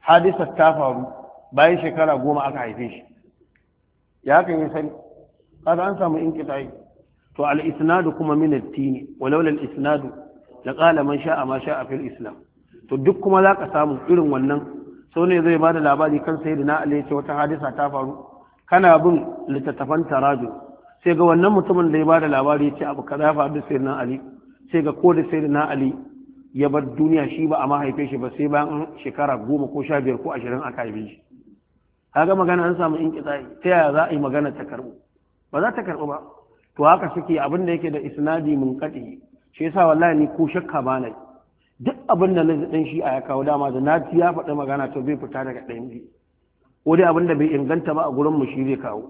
hadisa ta faru bayan shekara goma aka haife shi ya kan yi sani kaza an samu inqita'i to al-isnadu kuma min ne tin walaula al-isnadu da qala man sha'a ma sha'a fil islam to duk kuma zaka samu irin wannan sau ne zai bada labari kan sayyidina ali ce wata hadisa ta faru kana bin littattafan taraju sai ga wannan mutumin da ya bada labari ya ce abu kaza ya faru da sayyidina ali sai ga ko da sayyidina ali ya bar duniya shi ba a mahaife shi ba sai bayan shekara goma ko sha biyar ko ashirin aka haife shi kaga magana an samu in kitsa ta yaya za a yi magana ta karɓo ba za ta karɓo ba to haka suke abin da yake da isnadi mun kaɗe shi yasa wallahi ni ko shakka ba na duk abin da na dan shi a ya kawo dama da nati ya faɗa magana to bai fita daga ɗayan bi ko dai abin da bai inganta ba a gurin mu shi zai kawo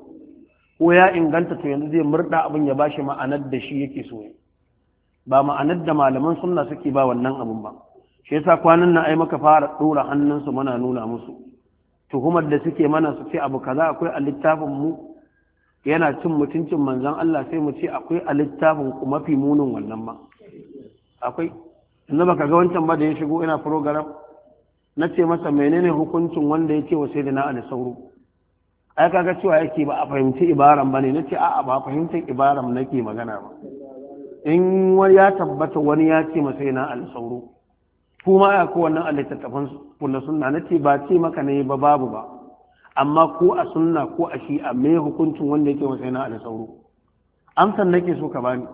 ko ya inganta to yanzu zai murda abin ya bashi ma'anar da shi yake so ba ma'anar da malaman sunna suke ba wannan abin ba shi yasa kwanan nan ai maka fara ɗora hannunsu muna nuna musu tuhumar da suke mana su ce abu kaza akwai a littafin mu yana cin mutuncin manzan Allah sai mu ce akwai a littafin mafi munin wannan ma akwai inda baka ga wancan ba da ya shigo ina program na ce masa menene hukuncin wanda ya ce wa sai na da sauro ai kaga cewa yake ba a fahimci ibaran ba ne na ce a'a ba fahimtar ibaran nake magana ba in wani ya tabbata wani ya ce masa yana da sauro kuma ya ko wannan a suna sunna na ce ba ce maka ne ba babu ba amma ko a sunna ko a shi shi'a me hukuncin wanda yake masa yana da sauro amsan nake so ka bani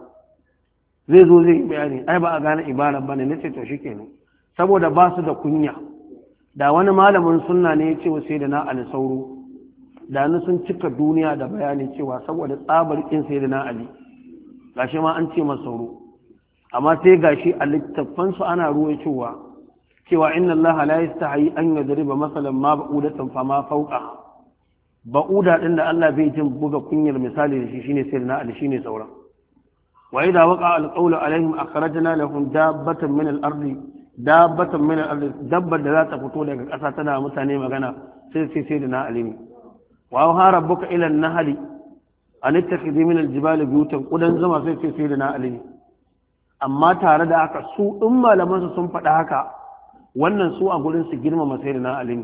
zai zo zai bayani ai ba a gane ibara ba ne nace to shikenan saboda ba su da kunya da wani malamin sunna ne ya ce wa sai da na ali sauro da ni sun cika duniya da bayani cewa saboda tsabar kin sai da na ali gashi ma an ce masa sauro amma sai gashi a littafansu ana ruwa cewa cewa inna allaha la yastahi an yadriba masalan ma ba'udatan fa ma fawqa ba'uda din da Allah bai jin buga kunyar misali da shi shine sirna al shine sauran wa idha waqa al qawlu alaihim akhrajna lahum dabbatan min al ardi dabbatan min al ardi dabbar da za ta fito daga ƙasa tana mutane magana sai sai sai da na alimi wa ha rabbuka ila an nahli an ittakhidhi min al jibali buyutan kudan zama sai sai sai da na alimi amma tare da haka su in malamansu sun faɗa haka wannan su a gurin su girmama sai na ali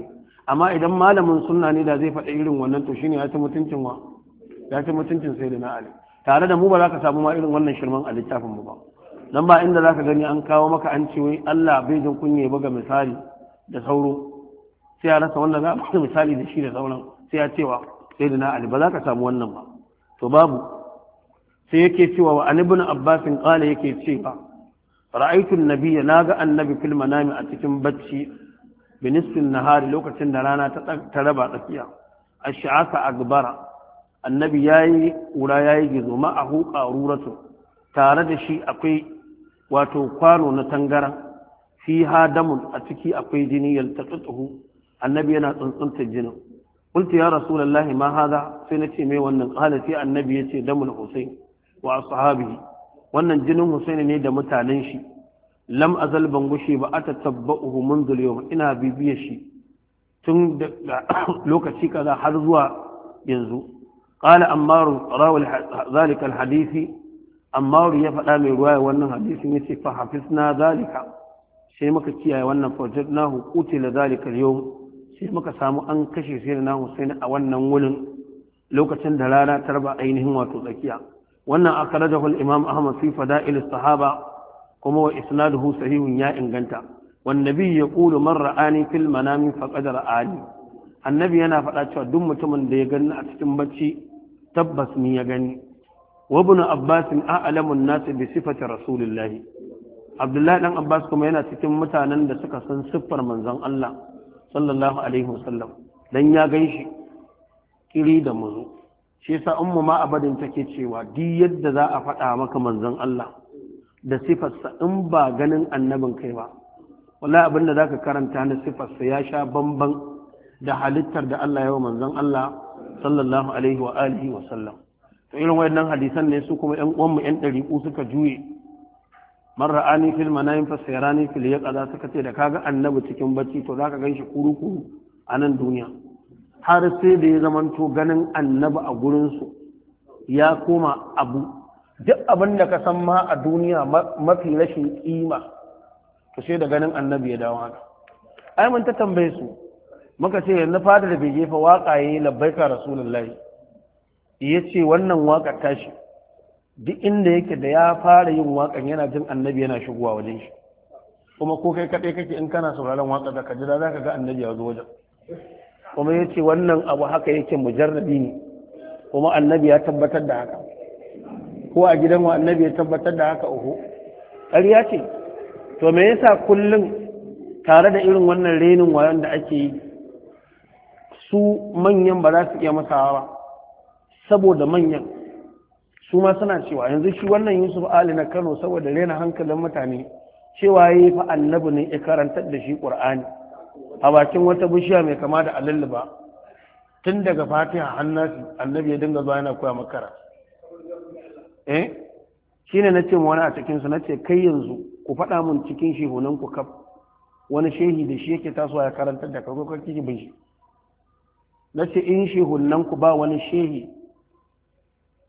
amma idan malamin sunna ne da zai faɗa irin wannan to shine ya ci mutuncin wa ya ci mutuncin sai na ali tare da mu ba za ka samu ma irin wannan shirman a littafin mu ba dan ba inda za ka gani an kawo maka an ce wai Allah bai jin kunye ba ga misali da sauro sai ya rasa wanda za a misali da shi da sauran sai ya cewa sai da na ba za ka samu wannan ba to babu sai yake cewa wa an ibn abbas qala yake cewa ra'aytun nabiyya naga annabi fil manami a cikin bacci na nahari lokacin da rana ta raba tsakiya ash'aka akbara annabi yayi ura yayi gizo ma a huqa ruratu tare da shi akwai wato kwano na tangaran fi hadamun a ciki akwai jini yaltaqatuhu annabi yana tsuntsunta jinin قلت يا رسول الله ما هذا سنتي مي wannan قال sai annabi yace damul husayn wa ashabihi wannan jinin husaini ne da mutanen shi lam azal ban gushe ba ata tabba'uhu munzul yawm ina bibiyar shi tun da lokaci kaza har zuwa yanzu qala Ammaru rawal zalika alhadisi Ammaru ya faɗa mai ruwaya wannan ne yace fa hafizna zalika sai muka kiyaye wannan fajadnahu qutila zalika yau sai muka samu an kashe na husaini a wannan wurin lokacin da rana ta raba ainihin wato tsakiya wannan akhrajahu imam ahmad fi fada'il sahaba kuma wa isnaduhu sahihun ya inganta wan nabi yaqulu man ra'ani fil manami faqad ra'ani annabi yana faɗa cewa duk mutumin da ya gani a cikin bacci tabbas ni ya gani wa ibn abbas a'lamu an-nas bi sifati rasulillahi abdullahi dan abbas kuma yana cikin mutanen da suka san siffar manzon Allah sallallahu alaihi wasallam dan ya ganshi kiri da muzu shi yasa ummu ma abadin take cewa duk yadda za a faɗa maka manzon Allah da sifarsa in ba ganin annabin kai ba wallahi abin da zaka karanta na sifarsa ya sha bamban da halittar da Allah ya wa manzon Allah sallallahu alaihi wa alihi wa sallam to irin wayannan hadisan ne su kuma ƴan uwan mu ɗari ku suka juye man ra'ani fil manayim fa sayrani fil yaqaza suka ce da kaga annabi cikin bacci to zaka ganshi kuru kuru a nan duniya har sai da ya zamanto ganin annabi a gurinsu ya koma abu duk abin da ka san ma a duniya mafi rashin kima to sai da ganin annabi ya dawo haka ai mun ta tambaye su muka ce yanzu fada da bai jefa waka yayi labbaika rasulullahi yace wannan waka tashi duk inda yake da ya fara yin wakan yana jin annabi yana shigowa wajen shi kuma ko kai kaɗai kake in kana sauraron waka da ka jira za ka ga annabi ya zo wajen kuma ya ce wannan abu haka yake mujarrabi ne kuma annabi ya tabbatar da haka ko a gidan wa annabi ya tabbatar da haka uku ƙarya ce to me yasa kullum tare da irin wannan renin wayan da ake yi su manyan ba za su iya masa ba saboda manyan su ma suna cewa yanzu shi wannan yusuf ali na kano saboda rena hankalin mutane cewa ya yi fa annabi ne ya karantar da shi ƙur'ani a bakin wata bishiya mai kama da alalluba tun daga fatiha hannasi annabi ya dinga zuwa yana koya makara eh shine nace mu wani a cikin su nace kai yanzu ku faɗa mun cikin shehunan ku kaf wani shehi da shi yake tasowa ya karanta da kago kake bin shi nace in shehunan ku ba wani shehi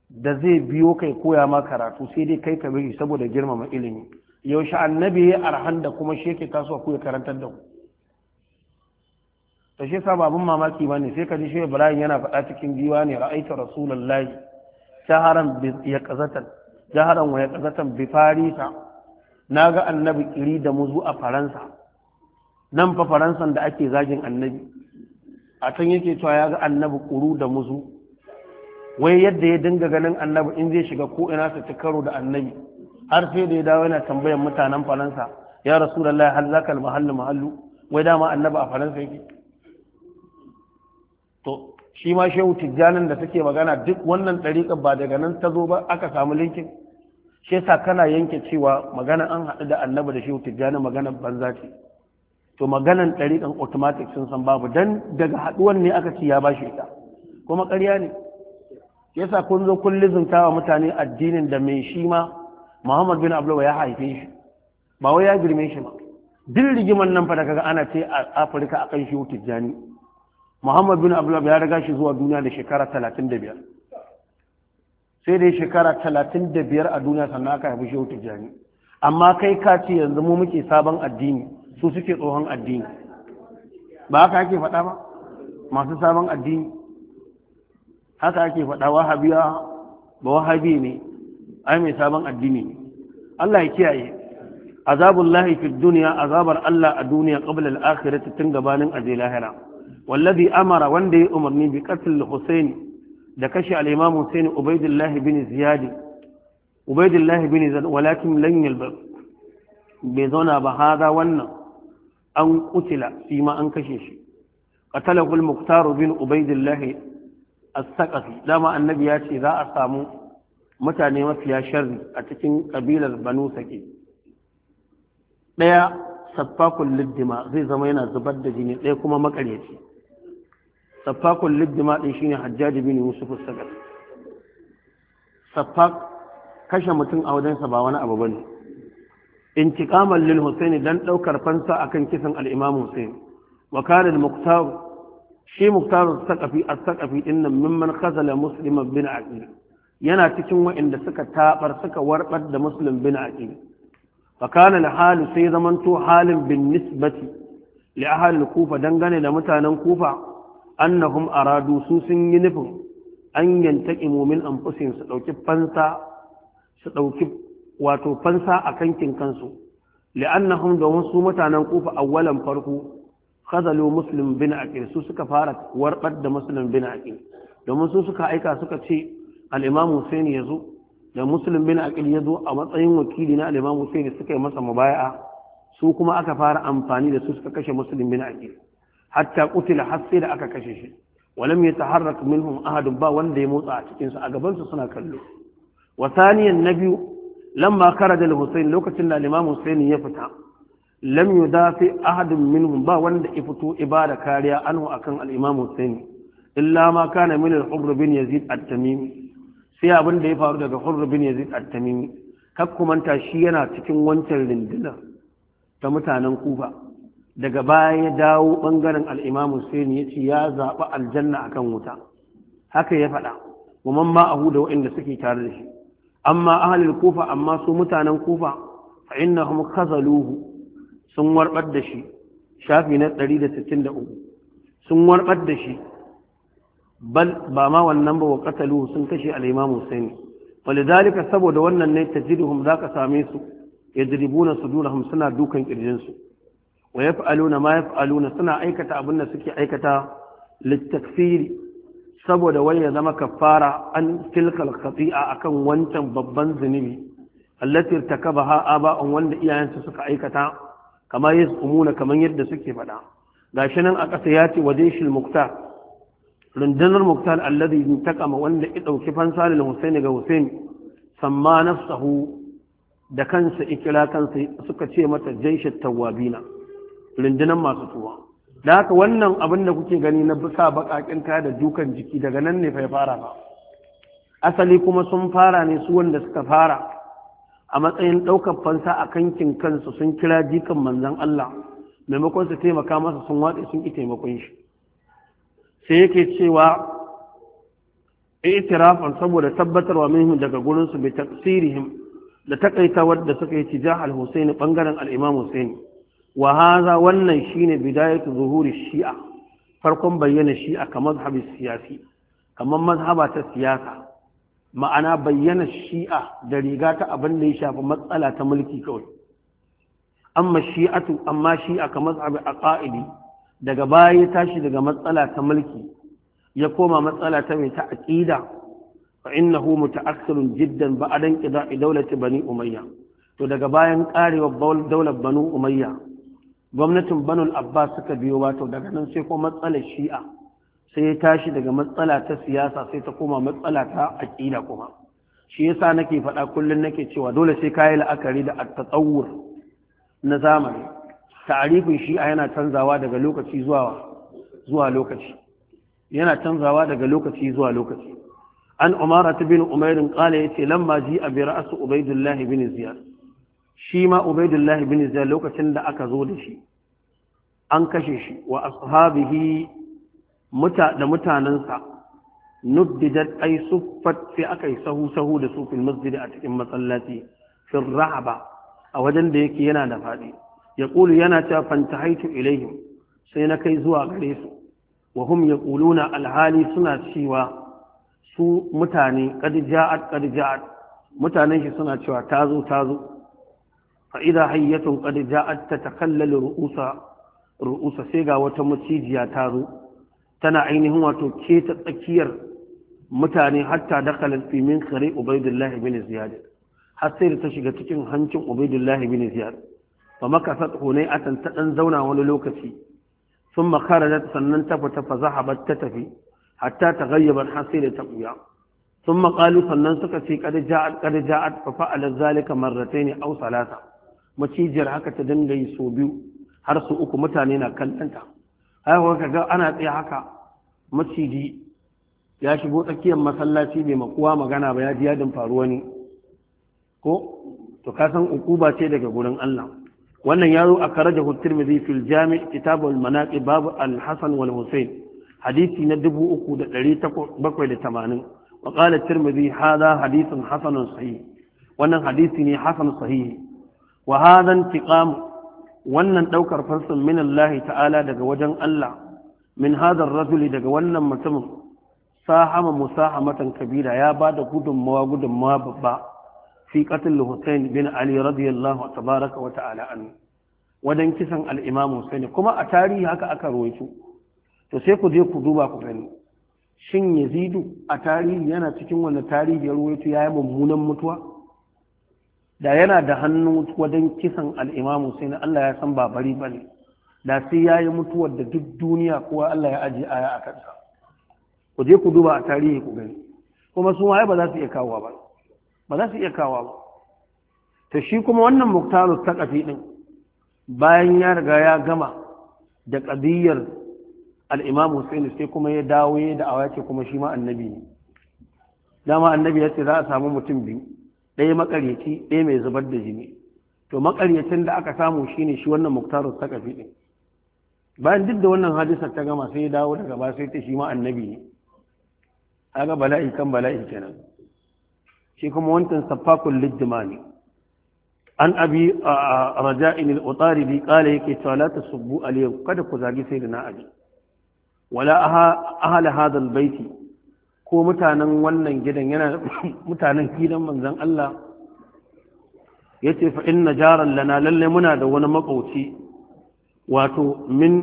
da zai biyo kai koya ma karatu sai dai kai ka bi saboda girmama ilimi yaushe annabi ya arhan da kuma shi yake tasowa ku ya karantar da ku to shi yasa babun mamaki ba ne. sai ka ji shi Ibrahim yana faɗa cikin giwa ne ra'aita rasulullahi jaharan bi yaqazatan jaharan wa yaqazatan bi farisa naga annabi kiri da muzu a faransa nan fa faransan da ake zagin annabi a can yake cewa ya ga annabi kuru da muzu wai yadda ya dinga ganin annabi in zai shiga ko ina su ci karo da annabi har sai da ya dawo yana tambayan mutanen faransa ya rasulullahi halakal mahallu mahallu wai dama annabi a faransa yake to shi ma shehu tijjanin da take magana duk wannan ɗariƙar ba daga nan ta zo ba aka samu linkin shi sa kana yanke cewa magana an haɗu da annabi da shehu tijjanin magana banza ce to maganan ɗariƙan automatic sun san babu dan daga haɗuwan ne aka ci ya ba shi ita kuma ƙarya ne shi sa kun zo kun lizinta wa mutane addinin da mai shi ma muhammad bin abdullahi ya haife shi ba wai ya girme shi ba duk rigiman nan fa da ana ce a afirka akan shehu tijjani muhammad bin Abdullah ya riga shi zuwa duniya da shekara 35 sai dai shekara 35 a duniya sannan aka haifi shehu tijjani amma kai ka ce yanzu mu muke sabon addini su suke tsohon addini ba haka ake faɗa ba masu sabon addini haka ake faɗa wahabiya ba wahabi ne ai mai sabon addini ne Allah ya kiyaye azabullahi lahi fi duniya azabar Allah a duniya qabla al-akhirati tun gabanin azilahira lahira wallazi amara wanda ya umarni bi qatl husayn da kashe al-imam husayn ubaydillah bin ziyad ubaydillah bin ziyad walakin lan yalba bai zauna ba hada wannan an kutila shi ma an kashe shi qatalahu al-muqtar bin ubaydillah as-saqafi dama annabi ya ce za a samu mutane mafiya sharri a cikin kabilar banu sake ɗaya saffakun liddima zai zama yana zubar da jini ɗaya kuma makaryaci saffakun liddima ɗin shine hajjaji bin yusuf sagar saffak kashe mutum a wajensa ba wani abu bane intiqaman lil husaini dan ɗaukar fansa akan kisan al-imam husaini wa kana al-muqtar shi sakafi a sakafi ɗin nan mimman khazala musliman bin aqil yana cikin waɗanda suka tabar suka warbar da muslim bin aqil fakana alhalu sai zamanto halin bin nisbati li ahli kufa dangane da mutanen kufa annahum aradu su sun yi nufin an yantaqimu min anfusihim su dauki fansa su dauki wato fansa akan kin kansu li'annahum domin su mutanen kufa awwalan farko khazalu muslim bin aqil su suka fara warbar da muslim bin aqil domin su suka aika suka ce al-imam Hussein yazo da muslim bin aqil ya zo a matsayin wakili na al-imam suka yi masa mubaya'a su kuma aka fara amfani da su suka kashe muslim bin aqil hatta qutila har sai da aka kashe shi walam yataharrak minhum ahadun ba wanda ya motsa a cikin su a gaban su suna kallo wa thaniyan nabiyu lamma kharaja al-husayn lokacin da al-imam ya fita lam yudafi ahadun minhum ba wanda ya fito ibada kariya anhu akan al-imam husaini illa ma kana min al-hubr bin yazid at-tamimi sai abin da ya faru daga hurru bin yazid at-tamimi kakkumanta shi yana cikin wancan rundunar ta mutanen kufa daga baya ya dawo bangaren al sai ya ce ya zaɓi aljanna a kan wuta haka ya faɗa wa man a huda waɗanda suke tare da shi amma ahlul kufa amma su mutanen kufa inna innahum khazaluhu sun warbar da shi shafi na 163 sun warɓar da shi bal ba ma wannan ba wa qataluhu sun kashe al-imam Husaini walidalika saboda wannan ne tajiduhum zaka same su su duna suna dukan kirjinsu su wa yaf'aluna ma yaf'aluna suna aikata abin da suke aikata littafiri saboda wani ya zama kafara an tilkal khati'a akan wancan babban zunubi allati irtakabaha aba'un wanda iyayensu suka aikata kama yasumuna kamar yadda suke faɗa gashi nan a ƙasa ya ce wa muktar rundunar muktar alladhi takama wanda ya dauki fansa da husaini ga husaini samma nafsahu da kansa ikira kansa suka ce mata jaishat tawabina rundunar masu tuwa da haka wannan abin da kuke gani na sa bakakin kaya da dukan jiki daga nan ne fai fara ba asali kuma sun fara ne su wanda suka fara a matsayin ɗaukar fansa a kankin kansu sun kira jikan manzan Allah maimakon su taimaka masa sun watsa sun ki taimakon shi sai yake cewa itirafan saboda tabbatarwa minhum daga gurinsu su bi tafsirihim da takaita wadda suka yi tijah al-Husayn bangaren al-Imam Husayn wa hadha wannan shine bidayatu zuhuri shi'a farkon bayyana shi'a kamar mazhabi siyasi kamar mazhaba ta siyasa ma'ana bayyana shi'a da riga ta abin da ya shafi matsala ta mulki kawai amma shi'atu amma shi'a kamar mazhabi aqaidi daga baya ya tashi daga matsala ta mulki ya koma matsala ta mai ta aqida fa innahu muta'akhkhirun jiddan ba'dan qida'i dawlati bani umayya to daga bayan karewa daular banu umayya gwamnatin banul abbas suka biyo wato daga nan sai ko matsalar shi'a sai ya tashi daga matsala ta siyasa sai ta koma matsala ta aqida kuma shi yasa nake faɗa kullum nake cewa dole sai kayi la'akari da at-tatawwur na zamani ta'arifin shi'a yana canzawa daga lokaci zuwa lokaci yana canzawa daga lokaci zuwa lokaci an umara ta bin umairin kala ya ce lamma ji a bi ra'asu ubaidullah bin ziyar shi ma ubaidullah bin ziyar lokacin da aka zo da shi an kashe shi wa ashabihi muta da mutanansa nubdidat ay suffat fi yi sahu sahu da sufin masjidi a cikin masallaci fi rahaba a wajen da yake yana da fadi ya ƙulu yana cewa fanta haitu ilaihim sai na kai zuwa gare su wa hum ya ƙuluna alhali suna cewa su mutane ƙadja'at ja'ad. mutanen shi suna cewa ta zo ta zo fa idan hayyatun ta takallala ru'usa ru'usa sai ga wata macijiya ta zo tana ainihin wato keta tsakiyar mutane hatta dakalar fi min kare ubaidullahi bin ziyad har sai da ta shiga cikin hancin ubaidullahi bin ziyad fa makasat hunayatan ta ɗan zauna wani lokaci thumma kharajat sannan ta tafi fa zahabat ta tafi hatta taghayyabat hasira ta buya Sun قالوا sannan suka ce kad ja'at kad ja'at fa fa'ala zalika marratayn aw salasa macijiyar haka ta dinga yi so biyu har su uku mutane na kallanta haihuwar ka ga ana tsaye haka maciji ya shigo tsakiyar masallaci bai makuwa magana ba ya ji yadin faruwa ne ko to ka san ukuba ce daga gurin Allah wannan ya zo a karajar hutar mai fil jami kitabul manaqi babu al-hasan wal husayn hadisi na 3780 wa qala tirmidhi hada hadisin hasanun sahihi. wannan hadisi ne hasan sahihi. wa hadha intiqam wannan daukar farsun min Allah ta'ala daga wajen Allah min hadha rajuli daga wannan mutumin sahama musahamatan kabira ya ba da gudunmawa gudunmawa babba في قتل الحسين bin Ali رضي الله تبارك وتعالى عنه wadan kisan al-Imam kuma a tarihi haka aka rawaito to sai ku je ku duba ku gani shin Yazidu a tarihi yana cikin wanda tarihi ya rawaito yayi mummunan mutuwa da yana da hannu wadan kisan al-Imam Hussein Allah ya san ba ne. bane da sai yayi mutuwar da duk duniya kuwa Allah ya aje aya a kansa ku je ku duba a tarihi ku gani kuma su ma ba za su iya kawo ba ba za su iya kawa ba ta shi kuma wannan muktaru ta ƙafi ɗin bayan ya riga ya gama da ƙadiyyar al'imamu Hussein sai kuma ya dawo ya da awa ce kuma shi ma annabi ne dama annabi ya ce za a samu mutum biyu ɗaya makaryaci ɗaya mai zubar da jini to makaryacin da aka samu shi ne shi wannan muktaru ta ƙafi ɗin bayan duk da wannan hadisar ta gama sai ya dawo daga ba sai ta shi ma annabi ne aga bala'i kan bala'i kenan shi kuma wancan safakul lijjima an abi a raja'in al-utaridi qala yake cewa la tasubbu alayhi kada ku zagi na ali wala ahla hadha al-bait ko mutanen wannan gidan yana mutanen gidan manzon Allah yace fa inna jaran lana lalle muna da wani makauci wato min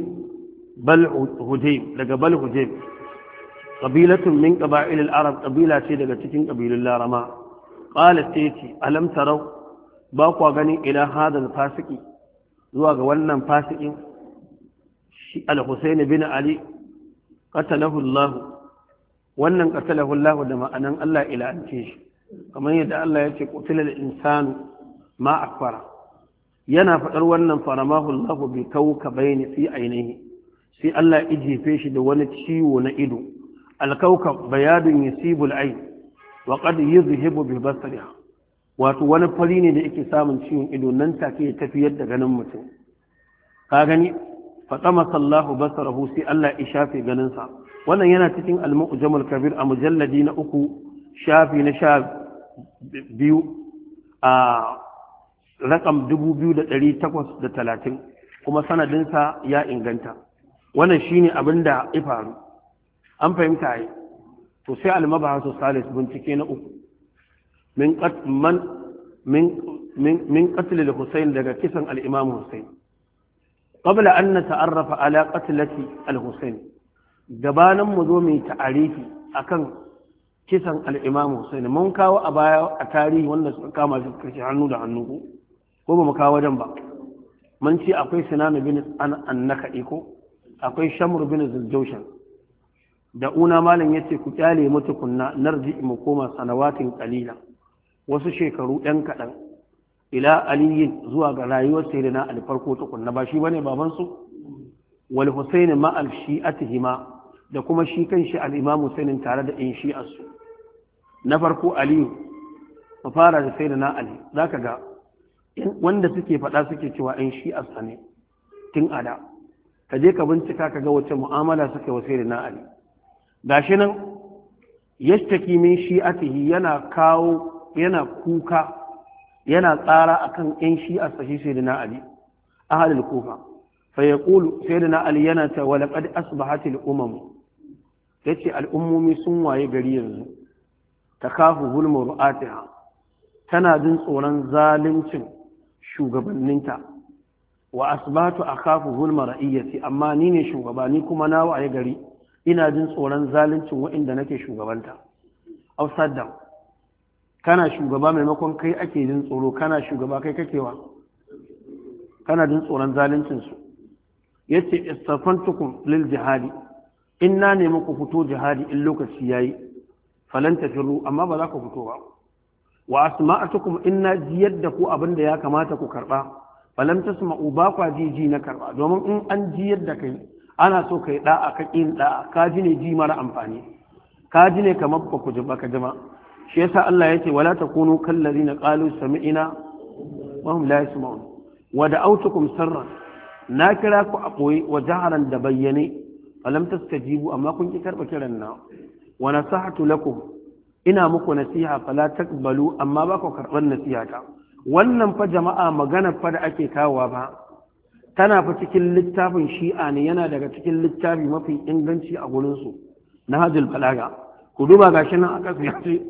bal hudayb daga bal hudayb qabilatun min qaba'il al-arab qabila ce daga cikin qabilul larama qala sai alamtarau alam tarau ba kwa gani ila fasiki zuwa ga wannan fasikin shi bin ali qatalahu wannan qatalahu Allah da ma'anan Allah ila an ce shi kamar yadda Allah ya ce qutila da insanu ma fara. yana faɗar wannan faramahullahu bai bi kauka bayni fi ainihi sai Allah ijefe shi da wani ciwo na ido Alkauka, kauka bayadun yasibul ayn wa qad yuzhibu bi basariha wato wani fari ne da yake samun ciwon ido nan take ya tafiyar da ganin mutum ka gani fatama sallahu basarahu sai Allah ya shafe ganinsa. wannan yana cikin al Jamal kabir a mujalladi na uku shafi na sha biyu a rakam talatin, kuma sanadinsa ya inganta wannan shine abin da ya faru an fahimta yi to sai almabahasu salis bincike na uku min man da min daga kisan al-imam husayn qabla an nata'arrafa ala qatlati al-husayn gabanin mu zo mu yi ta'arifi akan kisan Al'imam imam mun kawo a baya a tarihi wanda suka kama shi kashi hannu da hannu ko ba mu kawo wajen ba mun ce akwai sinan bin an annaka iko akwai shamur, bin zuljawshan da una malam yace ku kyale mu tukunna narji mu koma sanawatin qalila wasu shekaru ɗan kaɗan ila aliyin zuwa ga rayuwar sayyidina alfarko tukunna ba shi bane baban su wal husaini ma al shi'atihima da kuma shi kanshi al imam husaini tare da in shi'arsu na farko aliyu mu fara da sayyidina ali zaka ga wanda suke faɗa suke cewa in shi'arsa ne tun ada ka je ka bincika ka ga wace mu'amala suke wa na ali gashi nan yashtaki min shi'atihi yana kawo yana kuka yana tsara akan yan shi'a sashi sayyidina ali ahlul kufa fa sayyidina ali yana ta wa asbahatil umam yace al'ummomi sun waye gari yanzu takafu hulmu ru'atiha tana jin tsoron zaluncin shugabanninta wa asbatu akafu hulma ra'iyyati amma ni ne shugaba ni kuma na waye gari ina jin tsoron zaluncin waɗanda nake shugabanta outside down kana shugaba maimakon kai ake jin tsoro kana shugaba kai kakewa kana jin tsoron zaluncin su yace istafantukum lil jihadi In na nemi ku fito jihadi in lokaci yayi falan tafiru amma ba za ku fito ba wa asma'atukum na jiyar da ku abin da ya kamata ku karba falam tasma'u ba kwa ji ji na karba domin in an jiyar da kai ana so yi ɗa'a ka ƙin ɗa'a. ka ji ne ji mara amfani ka ji ne kamar ba ku jima ka jima. shi yasa Allah ce wala takunu kallazina qalu sami'na wa hum la yasma'un wa da'awtukum sarra. na kira ku a koyi wa jaharan da bayyane falam tastajibu amma kun ki karba kiran na wa nasahatu lakum ina muku nasiha fala takbalu amma ba ku karban nasihata wannan fa jama'a magana fa da ake kawowa ba tana fi cikin littafin shi'a ne yana daga cikin littafi mafi inganci a gurinsu na hajjul balaga ku duba ga shi nan a ƙasa ya ce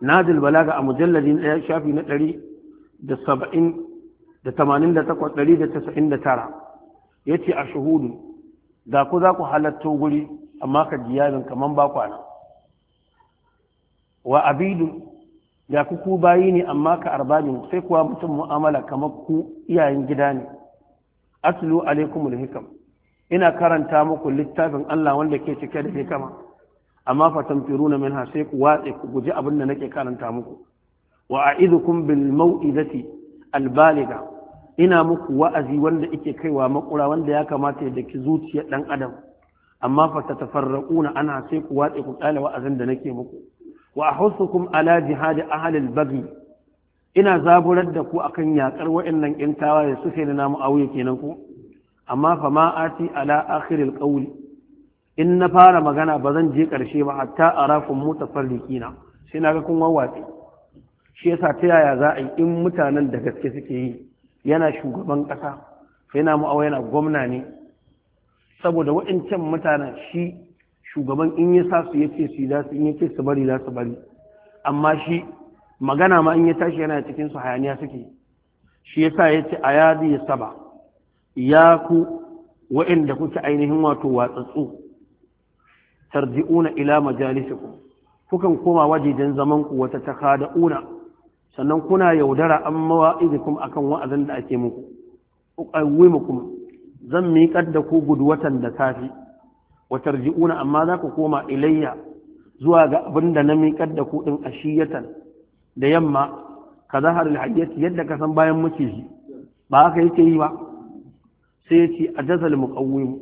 na hajjul balaga a mujalladin ɗaya shafi na ɗari da saba'in da tamanin da takwas ɗari da tasa'in da tara ya ce a shahudu za ku za ku halatto guri amma ka jiyabin kaman ba kwana wa abidu da ku ku bayi ne amma ka arbabin sai kuwa mutum mu'amala kamar ku iyayen gida ne atlu alaikumul hikam ina karanta muku littafin Allah wanda ke cike da hikama amma fa tamfiruna minha sai ku watse ku guji abin da nake karanta muku wa a'idukum bil mau'izati al baliga ina muku wa'azi wanda yake kaiwa makura wanda ya kamata ya daki zuciyar dan adam amma fa tatafarraquna ana sai ku watse ku tsale wa'azin da nake muku wa ahussukum ala jihad ahli al baghi ina zaburar da ku akan yakar wa'annan yan da su sai na mu'awiya kenan ku amma fa ma ati ala akhiril qawl in na fara magana ba zan je karshe ba hatta arakum mutafarriqina sai ga kun wawace. shi yasa ta yaya za a yi in mutanen da gaske suke yi yana shugaban kasa sai na yana gwamna ne saboda wa'ancan mutanen shi shugaban in ya sa su yace su yi za su yace su bari za su bari amma shi magana ma in ya tashi yana cikin su hayaniya suke shi yasa ya ce a yadi saba ya ku wa'inda kuke ainihin wato watsatsu tarji'una ila majalisikum kukan koma wajejen zaman ku wata takada'una sannan kuna yaudara an mawa'izikum akan wa'azin da ake muku muku zan miƙar da ku guduwatan da safi wa tarji'una amma za ku koma ilayya zuwa ga abinda na miƙar da ku din ashiyatan da yamma ka zahar alhayyat yadda ka san bayan muke maciji ba haka yake yi ba sai yace a jazal muqawwim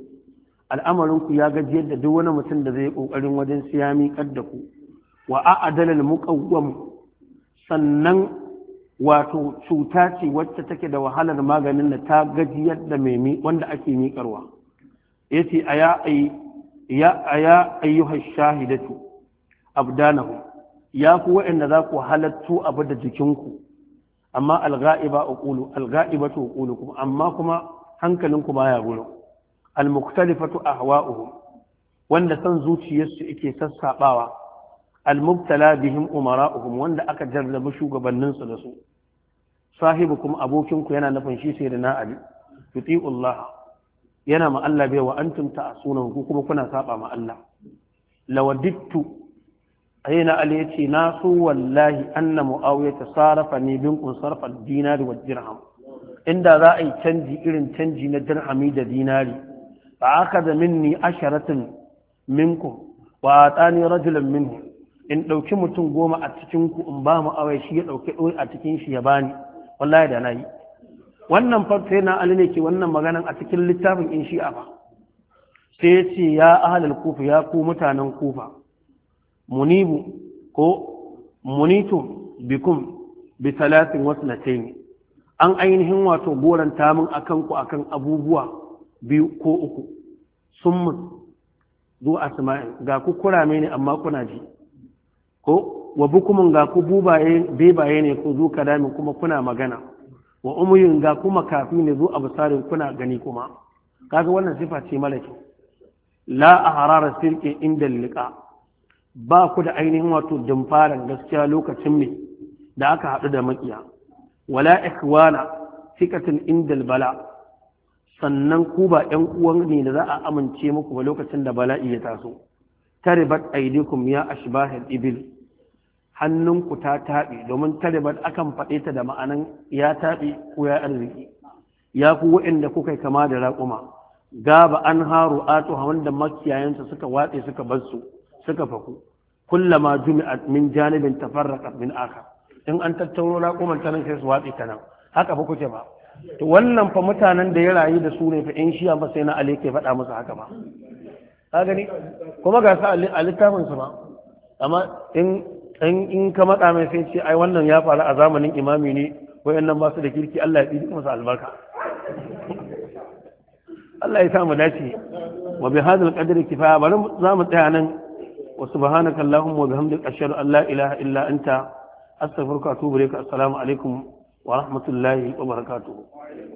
al'amarin ku ya gaji yadda duk wani mutum da zai kokarin wajen siya miƙar da ku wa a'adala al sannan wato cuta ce wacce take da wahalar maganin da ta gaji yadda mai wanda ake miƙarwa yace aya ya aya ayyuha shahidatu abdanahu ya ku waɗanda za ku halattu abu da jikinku amma alga'iba uqulu alga'ibatu uqulukum amma kuma hankalinku baya gurin almuktalifatu ahwa'uhum wanda san zuciyarsu yake sassabawa almubtala bihim umara'uhum wanda aka jarraba shugabanninsu da su sahibukum abokinku yana nufin shi sai da na'ali yuti'u yana ma Allah bai wa antum ta'asuna ku kuma kuna saba ma Allah lawadittu sai na ali yace na so wallahi anna muawiya ta sarafa ne bin kun sarfa dinar inda za a yi canji irin canji na dirhami da dinari fa aka da minni asharatin minkum wa atani rajulan minhu in ɗauki mutum goma a cikin ku in ba mu awai shi ya ɗauki ɗoyi a cikin shi ya bani wallahi da nayi wannan farfe na ali ne ke wannan maganan a cikin littafin in shi'a ba sai ya ce ya ahalal kufa ya ku mutanen kufa munibu ko munitu bikum bi talatin wasnatain an ainihin wato goranta min akan ku akan abubuwa biyu ko uku summun zu asma'in ga ku kurame ne amma kuna ji ko wa bukumin ga ku bubaye bebaye ne ko kuma kuna magana wa umuyin ga ku makafi ne zu absarin kuna gani kuma kaga wannan sifa ce malaki la a harara sirki inda liqa ba ku da ainihin wato dimfaran gaskiya lokacin mai da aka haɗu da makiya wala ikwana fikatin indal bala sannan ku ba ƴan uwan ne da za a amince muku ba lokacin da bala'i ya taso taribat aidikum ya ashbahil ibil hannunku ta taɓe domin taribat akan faɗe ta da ma'anan ya taɓe ko ya arziki ya ku waɗanda kuka kama da raƙuma gaba an haru atuha da makiyayensa suka watse suka bar su suka faku ma jumi'at min janibin tafarraqat min akhar in an tattauro raƙuman kuma nan sai su watsi ta nan haka fa kuke ba to wannan fa mutanen da ya rayu da su ne fa in shiya ba sai na ali ke faɗa musu haka ba ka gani kuma ga su a su ba amma in in ka matsa mai sai ce ai wannan ya faru a zamanin imami ne wayannan ba su da kirki Allah ya tsidi musu albarka Allah ya sa mu dace wa bi hadal qadri kifaya bari za mu tsaya nan wa subhanaka allahumma wa hamdul ashhadu an la ilaha illa anta astaghfiruka wa atubu assalamu alaikum wa rahmatullahi wa barakatu.